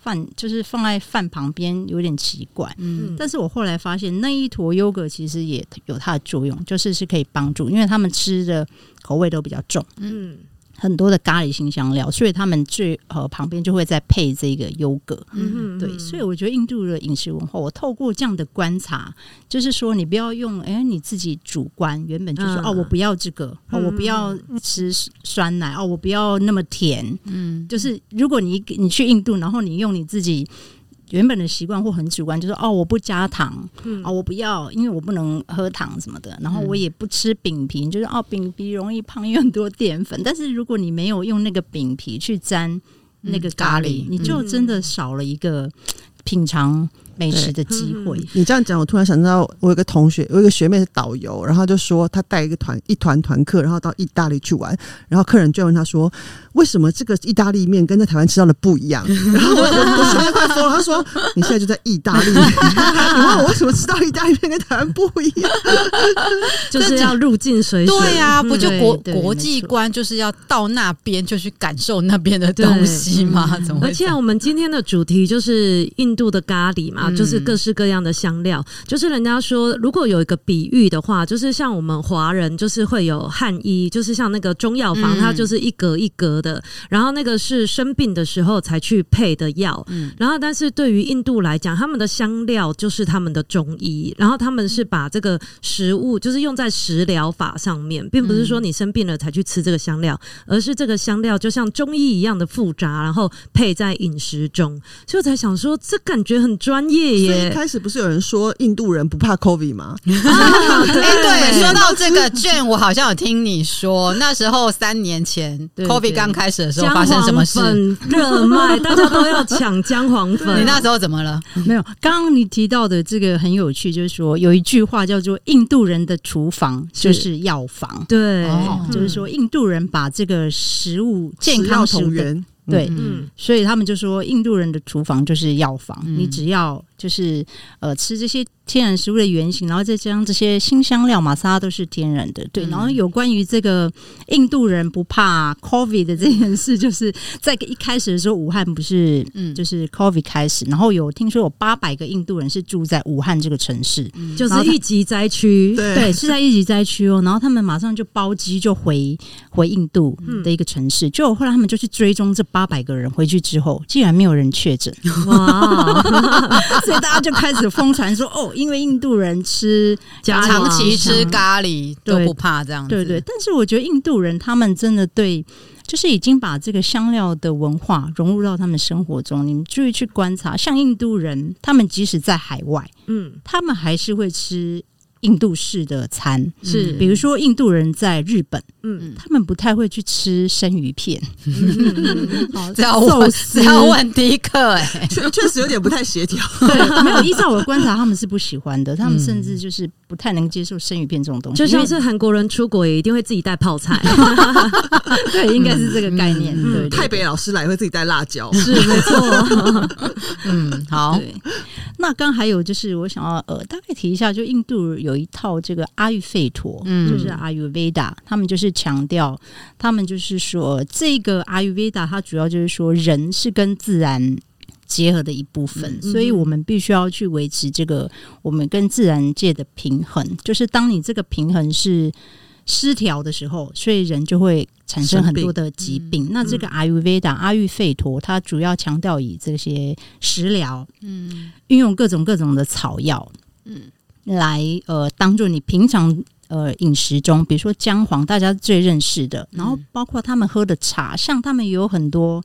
飯就是放在飯旁邊有點奇怪，嗯，但是我後來發現那一坨優格其實也有它的作用，就是是可以幫助，因為他們吃的口味都比較重。嗯。很多的咖喱辛香料，所以他們最呃旁邊就會再配這個優格。嗯，哼嗯哼對，所以我覺得印度的飲食文化，我透過這樣的觀察，就是說你不要用誒、欸、你自己主觀原本就是說、嗯啊、哦，我不要這個，哦，我不要吃酸奶，嗯、哦，我不要那麼甜。嗯，就是如果你你去印度，然後你用你自己。原本的習慣或很主觀，就是哦，我不加糖，嗯、哦，我不要，因為我不能喝糖什麼的，然後我也不吃餅皮，就是哦，餅皮容易胖，因為很多澱粉。但是如果你沒有用那個餅皮去沾那個咖喱，嗯、咖喱你就真的少了一個、嗯、品嘗美食的機會，嗯，你這樣講，我突然想到，我有個同學，我有個學妹是導遊，然後就說她帶一個團，一團團客，然後到意大利去玩，然後客人就問他說，為什麼這個意大利麵跟在台灣吃到的不一樣？ *laughs* 然後我就我就跟 *laughs* 他說，他說你現在就在意大利，然後 *laughs* 我為什麼吃到意大利麵跟台灣不一樣？ *laughs* 就是要入境隨對呀，啊，不就國國際觀就是要到那邊就去感受那邊的東西嗎？嗯，怎麼？而且我們今天的主題就是印度的咖喱嘛。就是各式各樣的香料，就是人家說，如果有一個比喻的話，就是像我們華人，就是會有漢醫，就是像那個中藥房，它就是一格一格的，然後那個是生病的時候才去配的藥。嗯，然後，但是對於印度來講，他們的香料就是他們的中醫，然後他們是把這個食物就是用在食療法上面，並不是說你生病了才去吃這個香料，而是這個香料就像中醫一樣的複雜，然後配在飲食中。所以我才想說，這感覺很專業。所以一開始不是有人說印度人不怕 COVID 嗎？哎，對，說到這個卷，我好像有聽你說，那時候三年前 COVID 剛開始的時候發生什麼事，很熱賣，大家都要搶薑黃粉。你那時候怎麼了？沒有。剛剛你提到的這個很有趣，就是說有一句話叫做“印度人的廚房就是藥房”。對，就是說印度人把這個食物健康同源，對，所以他們就說印度人的廚房就是藥房，你只要。就是呃，吃這些天然食物的原型，然後再加上這些辛香料嘛，它都是天然的。對，嗯、然後有關於這個印度人不怕、啊、COVID 的這件事，就是在一開始的時候，武漢不是嗯，就是 COVID 開始，嗯、然後有聽說有八百個印度人是住在武漢這個城市，嗯、就是一級災區，對，對，是在一級災區哦。然後他們馬上就包機就回回印度的一個城市，嗯、就後來他們就去追蹤這八百個人，回去之後竟然沒有人確診。哇！ *laughs* *laughs* *laughs* 所以大家就開始瘋傳說哦，因為印度人吃長期吃咖喱都不怕這樣。對，對對，但是我覺得印度人他們真的對，就是已經把這個香料的文化融入到他們生活中。你們注意去觀察，像印度人，他們即使在海外，嗯，他們還是會吃。印度式的餐是，比如說印度人在日本，嗯，他們不太會去吃生魚片。好，再問再問第一個，哎，確實有點不太協調。對，沒有，依照我的觀察，他們是不喜歡的，他們甚至就是不太能接受生魚片這種東西。就像是韓國人出國也一定會自己帶泡菜。對，應該是這個概念。對，泰北老師來會自己帶辣椒，是沒錯。嗯，好。那剛還有就是，我想要呃，大概提一下，就印度有。有一套這個阿育吠陀，就是阿育維達，他們就是強調，他們就是說，這個阿育維達，它主要就是說，人是跟自然結合的一部分，嗯、哼所以我們必須要去維持這個我們跟自然界的平衡。就是當你這個平衡是失調的時候，所以人就會產生很多的疾病。病嗯、那這個阿育維達、阿育吠陀，它主要強調以這些食療，嗯，運用各種各種的草藥，嗯。來，呃，當做你平常呃飲食中，比如說薑黃，大家最認識的，嗯、然後包括他們喝的茶，像他們也有很多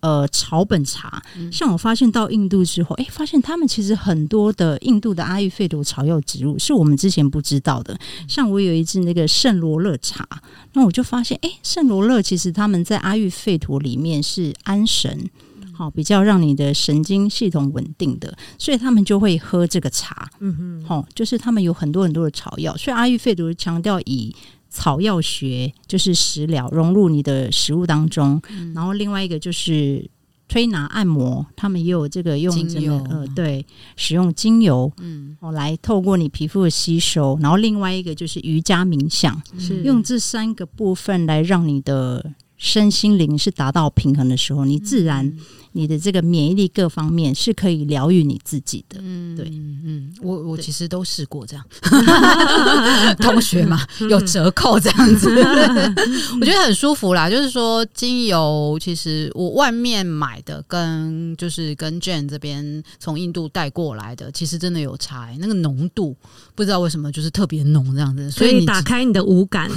呃草本茶。嗯、像我發現到印度之後，誒，發現他們其實很多的印度的阿育吠陀草藥植物是我們之前不知道的。嗯、像我有一支那個聖羅勒茶，那我就發現，誒，聖羅勒其實他們在阿育吠陀裡面是安神。好，比較讓你的神經系統穩定的，所以他們就會喝這個茶。嗯哼，好、哦，就是他們有很多很多的草藥，所以阿育吠陀強調以草藥學就是食療融入你的食物當中。嗯、然後另外一個就是推拿按摩，他們也有這個用這個精油呃，對，使用精油，嗯，哦，來透過你皮膚的吸收。然後另外一個就是瑜伽冥想，是用這三個部分來讓你的。身心靈是達到平衡的時候，你自然你的這個免疫力各方面是可以療癒你自己的。嗯，對，嗯，我對我其實都試過這樣， *laughs* 同學嘛有折扣這樣子，嗯，我覺得很舒服啦。就是說，精油其實我外面買的跟就是跟 Jane 這邊從印度帶過來的，其實真的有差，欸，那個濃度不知道為什麼就是特別濃這樣子，所以你可以打開你的五感，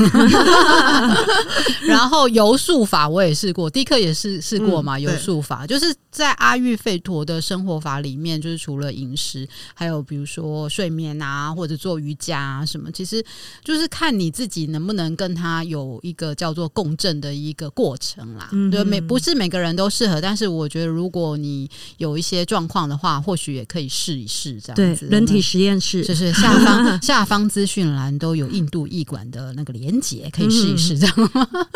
*laughs* 然後油素術法我也試過，迪克也試試過嘛。有術法，就是在阿育吠陀的生活法裡面，就是除了飲食，還有比如說睡眠啊，或者做瑜伽啊什麼，其實就是看你自己能不能跟他有一個叫做共振的一個過程啦。嗯嗯對，每不是每個人都適合，但是我覺得如果你有一些狀況的話，或許也可以試一試。這樣子，對，人體實驗室、嗯、就是下方 *laughs* 下方資訊欄都有印度藝館的那個連接，可以試一試。這樣，嗯嗯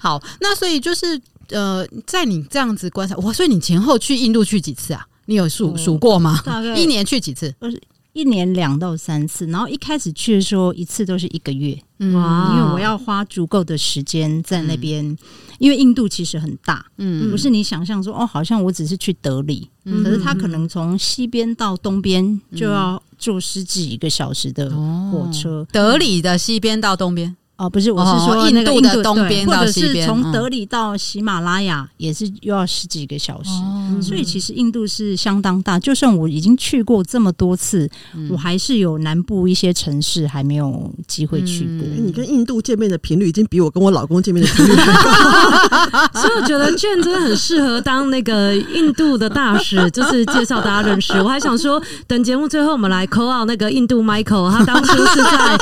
好。那所以就是呃，在你這樣子觀察，哇！所以你前後去印度去幾次啊？你有數數、哦、過嗎？大概一年去幾次？呃，一年兩到三次。然後一開始去的時候，一次都是一個月，嗯，嗯因為我要花足夠的時間在那邊。嗯、因為印度其實很大，嗯，不是你想象說哦，好像我只是去德里，嗯、可是他可能從西邊到東邊就要坐十幾個小時的火車。哦、德里的西邊到東邊。哦，不是，我是說印度的東邊到西邊，或者是從德里到喜馬拉雅也是又要十幾個小時，哦、所以其實印度是相當大。就算我已經去過這麼多次，嗯、我還是有南部一些城市還沒有機會去過。嗯、你跟印度見面的頻率已經比我跟我老公見面的頻率更高， *laughs* *laughs* 所以我覺得卷真的很適合當那個印度的大使，就是介紹大家認識。我還想說，等節目最後我們來 call out 那個印度 Michael，他當初是在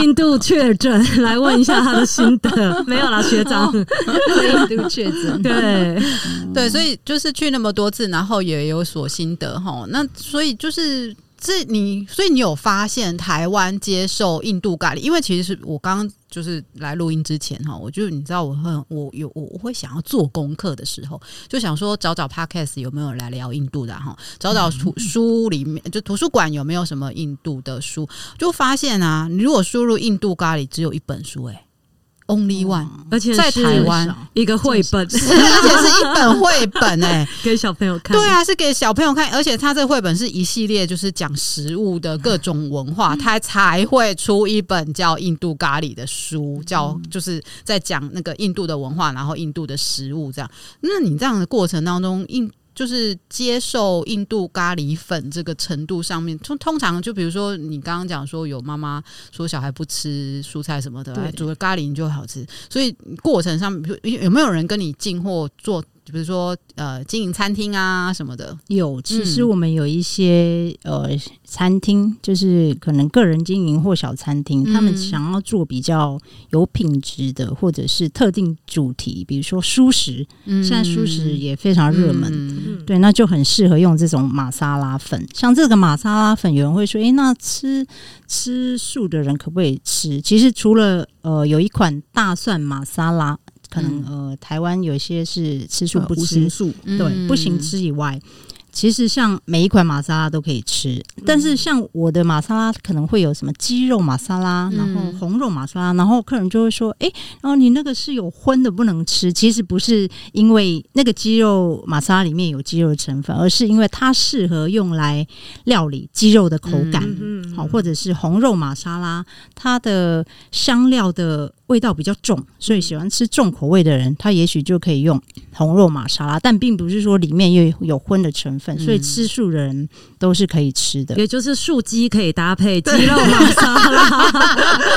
印度確診 *laughs* 來。問一下他的心得， *laughs* 沒有啦， *laughs* 學長，對不確實，對對，所以就是去那麼多次，然後也有所心得哈。那所以就是。這你，所以你有發現台灣接受印度咖喱？因為其實是我剛剛就是來錄音之前哈，我就你知道我很我有我我會想要做功課的時候，就想說找找 Podcast 有沒有來聊印度的哈，找找圖、嗯、書裡面就圖書館有沒有什麼印度的書，就發現啊，你如果輸入印度咖喱，只有一本書誒、欸 Only One，哦、而且在台灣一個繪本、就是，而且是一本繪本哎、欸，給 *laughs* 小朋友看。對啊，是給小朋友看，而且他這繪本是一系列，就是講食物的各種文化，啊嗯、他才會出一本叫《印度咖喱》的書，叫就是在講那個印度的文化，然後印度的食物這樣。那你這樣的過程當中，印就是接受印度咖喱粉這個程度上面，通通常就比如說，你剛剛講說有媽媽說小孩不吃蔬菜什麼的，對煮個咖喱你就好吃。所以過程上，有沒有人跟你進貨做？比如說，呃，經營餐廳啊什麼的，有。其實我們有一些、嗯、呃餐廳，就是可能個人經營或小餐廳，嗯、他們想要做比較有品質的，或者是特定主題，比如說素食。嗯、現在素食也非常熱門，嗯、對，那就很適合用這種瑪莎拉粉。像這個瑪莎拉粉，有人會說，哎、欸，那吃吃素的人可不可以吃？其實除了呃，有一款大蒜瑪莎拉。嗯、可能呃，台灣有一些是吃素不吃素，嗯、對不行吃以外，其實像每一款瑪莎拉都可以吃，但是像我的瑪莎拉可能會有什麼雞肉瑪莎拉，然後紅肉瑪莎拉，然後客人就會說，哎、欸，然後你那個是有葷的不能吃，其實不是因為那個雞肉瑪莎拉裡面有雞肉的成分，而是因為它適合用來料理雞肉的口感，嗯，好，或者是紅肉瑪莎拉它的香料的。味道比較重，所以喜歡吃重口味的人，他也許就可以用紅肉瑪莎拉，但並不是說裡面又有葷的成分，所以吃素的人都是可以吃的，也就是素雞可以搭配雞肉瑪莎拉，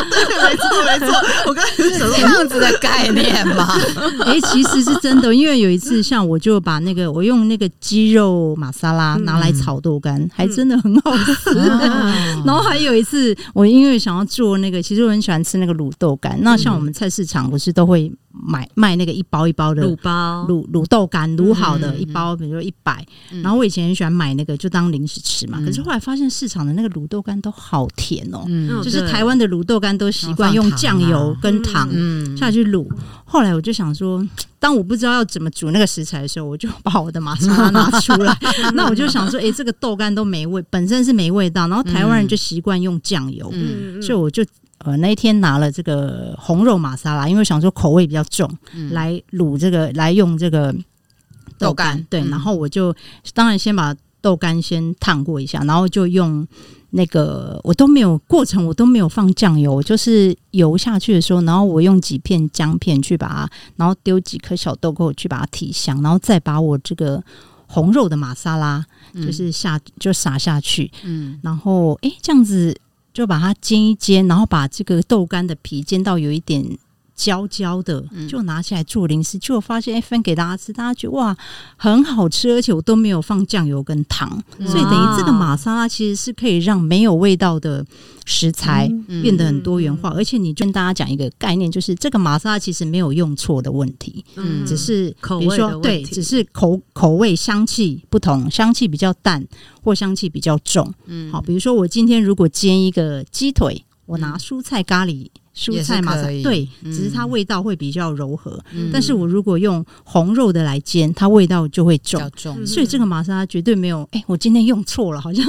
對，沒錯沒錯，我剛才是這樣子的概念嘛，哎，其實是真的，因為有一次，像我就把那個我用那個雞肉瑪莎拉拿來炒豆乾，還真的很好吃，然後還有一次，我因為想要做那個，其實我很喜歡吃那個滷豆乾，那。像我們菜市場不是都會買賣那個一包一包的滷包滷滷豆乾滷好的一包，比如說一百、嗯。嗯、然後我以前很喜歡買那個，就當零食吃嘛。嗯、可是後來發現市場的那個滷豆乾都好甜哦，嗯、就是台灣的滷豆乾都習慣用醬油跟糖下去滷。後來我就想說，當我不知道要怎麼煮那個食材的時候，我就把我的瑪莎拉拿出來。嗯、那我就想說，哎，這個豆乾都沒味，本身是沒味道。然後台灣人就習慣用醬油，嗯嗯、所以我就。呃，那一天拿了這個紅肉瑪莎拉，因為想說口味比較重，嗯、來滷這個，來用這個豆乾，豆乾對。嗯、然後我就當然先把豆乾先燙過一下，然後就用那個我都沒有過程，我都沒有放醬油，就是油下去的時候，然後我用幾片薑片去把它，然後丟幾顆小豆蔻去把它提香，然後再把我這個紅肉的瑪莎拉就是下、嗯、就撒下去，嗯，然後誒這樣子。就把它煎一煎，然後把這個豆干的皮煎到有一點，焦焦的，就拿起來做零食，就發現哎，分給大家吃，大家覺得哇，很好吃，而且我都沒有放醬油跟糖，嗯哦、所以等於這個瑪莎拉其實是可以讓沒有味道的食材變得很多元化。嗯嗯嗯、而且你跟大家講一個概念，就是這個瑪莎拉其實沒有用錯的問題，嗯、只是口味對，只是口口味香氣不同，香氣比較淡或香氣比較重。嗯，好，比如說我今天如果煎一個雞腿，我拿蔬菜咖喱。蔬菜嘛對，嗯、只是它味道會比較柔和。嗯、但是我如果用紅肉的來煎，它味道就會重。比較重。所以這個瑪莎拉絕對沒有。哎、欸，我今天用錯了，好像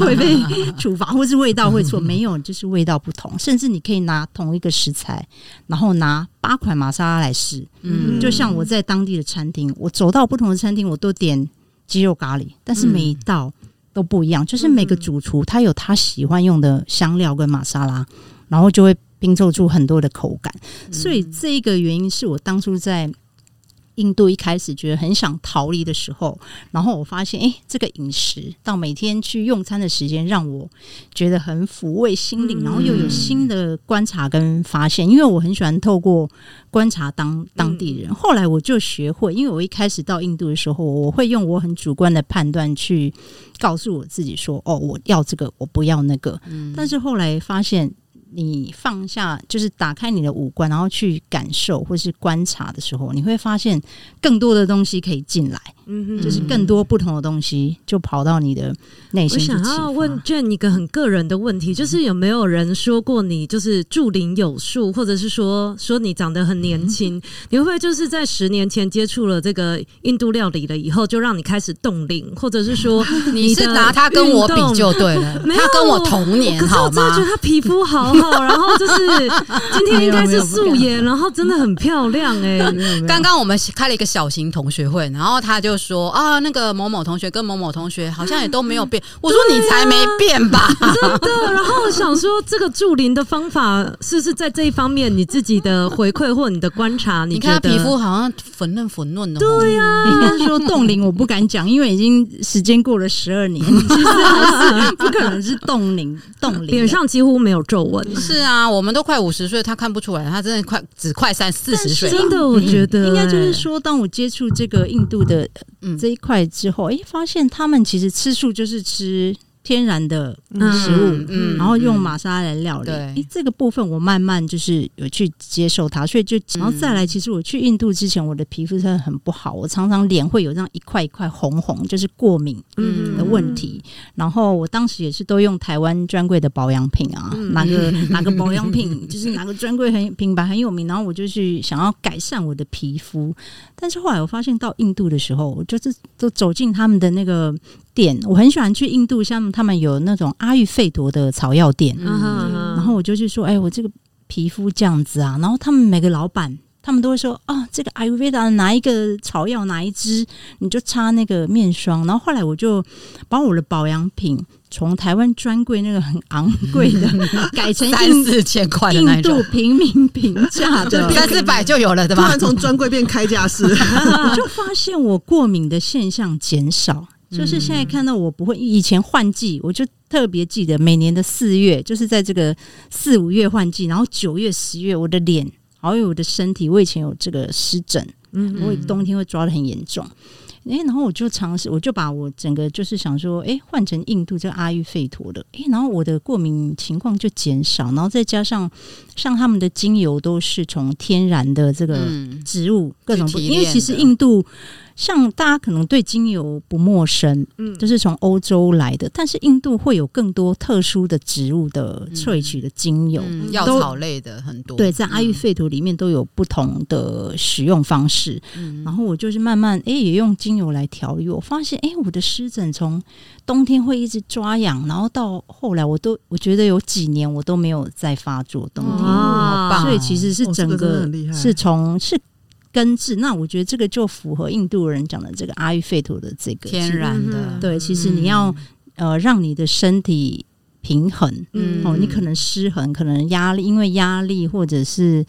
會被處罰，或是味道會錯？沒有，就是味道不同。甚至你可以拿同一個食材，然後拿八款瑪莎拉來試。嗯，就像我在當地的餐廳，我走到不同的餐廳，我都點雞肉咖喱，但是每一道都不一樣。就是每個主廚他有他喜歡用的香料跟瑪莎拉，然後就會。拼湊出很多的口感，所以這一個原因是我當初在印度一開始覺得很想逃離的時候，然後我發現，誒、欸，這個飲食到每天去用餐的時間，讓我覺得很撫慰心靈，然後又有新的觀察跟發現，因為我很喜歡透過觀察當當地人。後來我就學會，因為我一開始到印度的時候，我會用我很主觀的判斷去告訴我自己說，哦，我要這個，我不要那個。嗯，但是後來發現。你放下，就是打開你的五官，然後去感受或是觀察的時候，你會發現更多的東西可以進來，嗯哼，就是更多不同的東西、嗯、哼就跑到你的內心。去。想要問 Jane 一個很個人的問題，就是有沒有人說過你就是駐齡有術，或者是說說你長得很年輕？嗯、哼你會不會就是在十年前接觸了這個印度料理了以後，就讓你開始凍齡，或者是說你，的你是拿他跟我比就對了？ *laughs* 他跟我同年我我好嗎？我，我覺得他皮膚好。然後就是今天應該是素顏，哎、呦然後真的很漂亮哎、欸。有有剛剛我們開了一個小型同學會，然後他就說啊，那個某某同學跟某某同學好像也都沒有變。我說你才沒變吧？啊、真的。然後想說這個駐齡的方法是不是在這一方面你自己的回饋或你的觀察，你，你看，皮膚好像粉嫩粉嫩的。對呀、啊， *laughs* 說凍齡我不敢講，因為已經時間過了十二年，其實不不可能，可能是凍齡凍齡，臉上幾乎沒有皺紋。是啊，我們都快五十歲，他看不出來，他真的快，只快三四十歲。真的，嗯、我覺得、欸、應該就是說，當我接觸這個印度的這一塊之後，哎、嗯欸，發現他們其實吃素就是吃。天然的食物，嗯、然後用瑪莎來料理，嗯嗯欸。這個部分我慢慢就是有去接受它，所以就然後再來。嗯、其實我去印度之前，我的皮膚真的很不好，我常常臉會有這樣一塊一塊紅紅，就是過敏的問題。嗯、然後我當時也是都用台灣專櫃的保養品啊，嗯、哪個哪個保養品， *laughs* 就是哪個專櫃很品牌很有名。然後我就去想要改善我的皮膚，但是後來我發現到印度的時候，我就是都走進他們的那個。店。我很喜歡去印度，像他們有那種阿育吠陀的草藥店，嗯、然後我就去說，哎、欸，我這個皮膚這樣子啊，然後他們每個老闆，他們都會說，啊，這個阿育吠陀拿一個草藥拿一支，你就擦那個面霜，然後後來我就把我的保養品從台灣專櫃那個很昂貴的、嗯、改成三四千塊的那一種印度平民平價的三四百就有了，對吧？突然從專櫃變開架式 *laughs* *laughs* 我就發現我過敏的現象減少。就是現在看到我不會以前換季，我就特別記得每年的四月，就是在這個四五月換季，然後九月十月，我的臉還有我的身體，我以前有這個濕疹，嗯，我冬天會抓得很嚴重，誒、欸，然後我就嘗試，我就把我整個就是想說，誒、欸，換成印度、這個阿育吠陀的，誒、欸，然後我的過敏情況就減少，然後再加上像他們的精油都是從天然的這個植物、嗯、各種，因為其實印度。像大家可能對精油不陌生，嗯，就是從歐洲來的。但是印度會有更多特殊的植物的萃取的精油，嗯、都藥草類的很多。對，在阿育吠陀裡面都有不同的使用方式。嗯、然後我就是慢慢，誒、欸，也用精油來調理。我發現，誒、欸，我的濕疹從冬天會一直抓癢，然後到後來，我都我覺得有幾年我都沒有再發作。冬天，哦，好棒。所以其實是整個厲害，是從是。根治，那我覺得這個就符合印度人講的這個阿育吠陀的這個天然的。對，嗯、其實你要呃，讓你的身體平衡，嗯、哦，你可能失衡，可能壓力，因為壓力或者是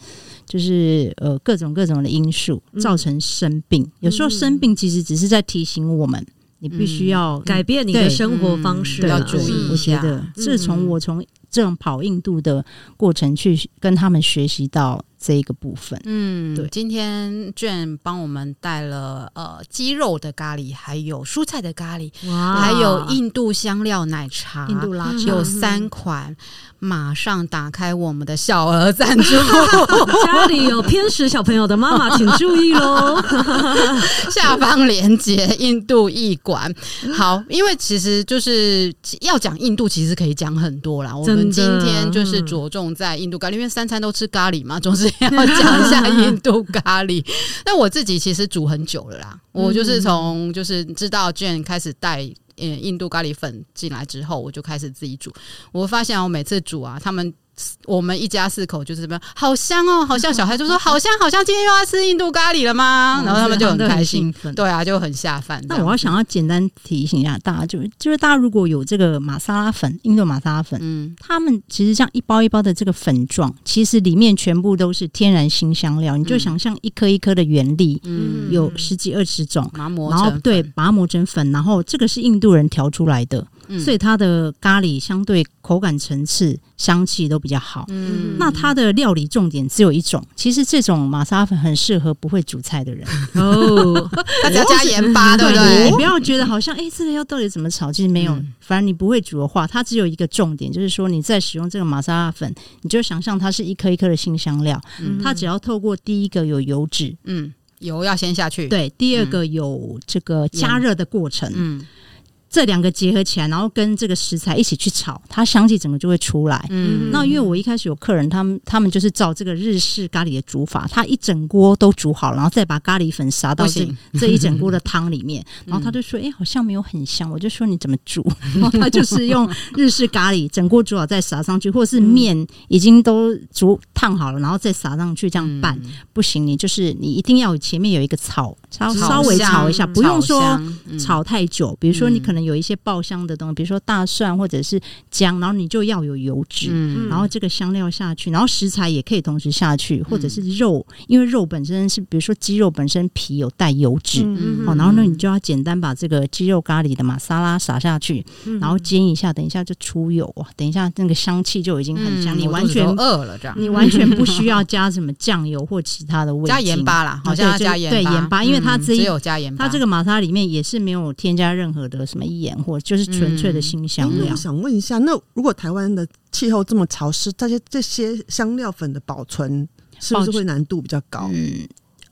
就是呃各種各種的因素造成生病。嗯、有時候生病其實只是在提醒我們，你必須要、嗯、改變你的生活方式對，嗯、要注意一下。自從我從這種跑印度的過程去跟他們學習到。這一個部分，嗯，對，今天卷幫我們帶了呃雞肉的咖喱，還有蔬菜的咖喱，哇還有印度香料奶茶，印度拉茶有三款。嗯、馬上打開我們的小額贊助， *laughs* *laughs* 家裡有偏食小朋友的媽媽請注意嘍， *laughs* *laughs* 下方連接印度藝館。好，因為其實就是要講印度，其實可以講很多啦。的我們今天就是着重在印度咖喱，嗯、因為三餐都吃咖喱嘛，總是。 *laughs* 要講一下印度咖喱，但 *laughs* 我自己其實煮很久了啦。 *laughs* 我就是從就是知道卷開始帶呃印度咖喱粉進來之後，我就開始自己煮。我發現我每次煮啊，他們。我們一家四口就是怎麼樣，好香哦，好像小孩就說好像好像今天又要吃印度咖喱了嗎？然後他們就很開心，對啊，就很下飯。那我要想要簡單提醒一下大家就，就就是大家如果有這個瑪莎拉粉，印度瑪莎拉粉，嗯，他們其實像一包一包的這個粉狀，其實裡面全部都是天然辛香料，你就想像一顆一顆的原粒，嗯，有十幾二十種，然後對，把它磨成粉，然後這個是印度人調出來的。所以它的咖喱相對口感層次、香氣都比較好。嗯、那它的料理重點只有一種，其實這種瑪莎拉粉很適合不會煮菜的人哦。大家加鹽巴，對不、嗯嗯、對？哦、你不要覺得好像哎、欸，這個要到底怎麼炒？其實沒有，嗯、反正你不會煮的話，它只有一個重點，就是說你在使用這個瑪莎拉粉，你就想象它是一顆一顆的辛香料，嗯、它只要透過第一個有油脂，嗯，油要先下去，對，第二個有這個加熱的過程，嗯。嗯這兩個結合起來，然後跟這個食材一起去炒，它香氣整個就會出來。嗯，那因為我一開始有客人，他們他們就是照這個日式咖喱的煮法，他一整鍋都煮好，然後再把咖喱粉撒到這不行這一整鍋的湯裡面，然後他就說：“哎、欸，好像沒有很香。”我就說：“你怎麼煮？”然後、嗯、他就是用日式咖喱整鍋煮好再撒上去，或者是麵已經都煮燙好了，然後再撒上去這樣拌。嗯、不行，你就是你一定要前面有一個炒，炒稍微炒一下，不用說炒太久。比如說你可能。有一些爆香的東西，比如說大蒜或者是薑，然後你就要有油脂，嗯、然後這個香料下去，然後食材也可以同時下去，或者是肉，嗯、因為肉本身是比如說雞肉本身皮有帶油脂，嗯、哦，然後呢你就要簡單把這個雞肉咖喱的馬薩拉撒下去，嗯、然後煎一下，等一下就出油啊，等一下那個香氣就已經很香，嗯、你完全餓了這樣，你完全不需要加什麼醬油或其他的味，加鹽巴啦，好像要加鹽對鹽巴，因為它只有加鹽巴，它這個馬薩拉裡面也是沒有添加任何的什麼。一眼或就是純粹的辛香料。嗯欸，我想問一下，那如果台灣的氣候這麼潮濕，這些這些香料粉的保存是不是會難度比較高？嗯。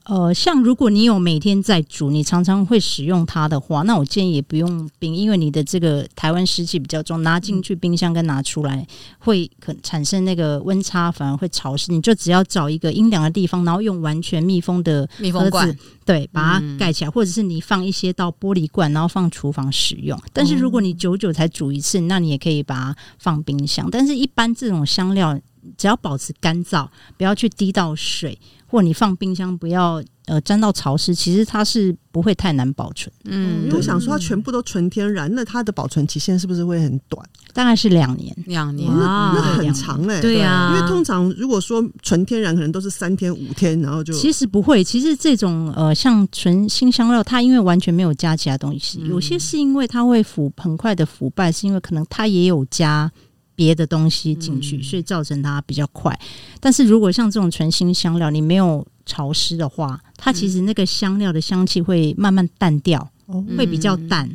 呃，像如果你有每天在煮，你常常會使用它的話，那我建議也不用冰，因為你的這個台灣濕氣比較重，拿進去冰箱跟拿出來，嗯、會產生那個溫差，反而會潮濕。你就只要找一個陰涼的地方，然後用完全密封的密封罐，對，把它蓋起來，嗯、或者是你放一些到玻璃罐，然後放廚房使用。但是如果你久久才煮一次，嗯、那你也可以把它放冰箱。但是一般這種香料。只要保持乾燥，不要去滴到水，或你放冰箱不要呃沾到潮濕。其實它是不會太難保存。嗯，我想說它全部都純天然，那它的保存期限是不是會很短？大概、嗯、是兩年，兩年啊、哦，那很長哎、欸。對呀、啊，因為通常如果說純天然，可能都是三天五天，然後就其實不會。其實這種呃，像純辛香料，它因為完全沒有加其他東西，嗯、有些是因為它會腐很快的腐敗，是因為可能它也有加。別的東西進去，所以造成它比較快。但是如果像這種純新香料，你沒有潮濕的話，它其實那個香料的香氣會慢慢淡掉，嗯、會比較淡。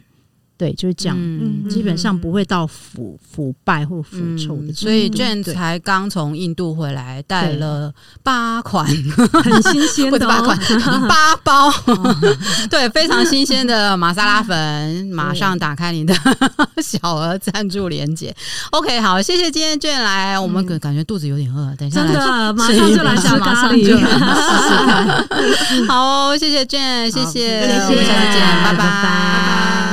對，就是這樣。嗯，基本上不會到腐腐敗或腐臭的。所以捲才剛從印度回來，帶了八款，很新鮮的八款八包，對，非常新鮮的瑪莎拉粉。馬上打開你的小額贊助鏈接。OK，好，謝謝今天捲來，我們感感覺肚子有點餓，等一下馬上就來下，馬上就來。好，謝謝捲，謝謝，我們下次見，拜拜，拜拜。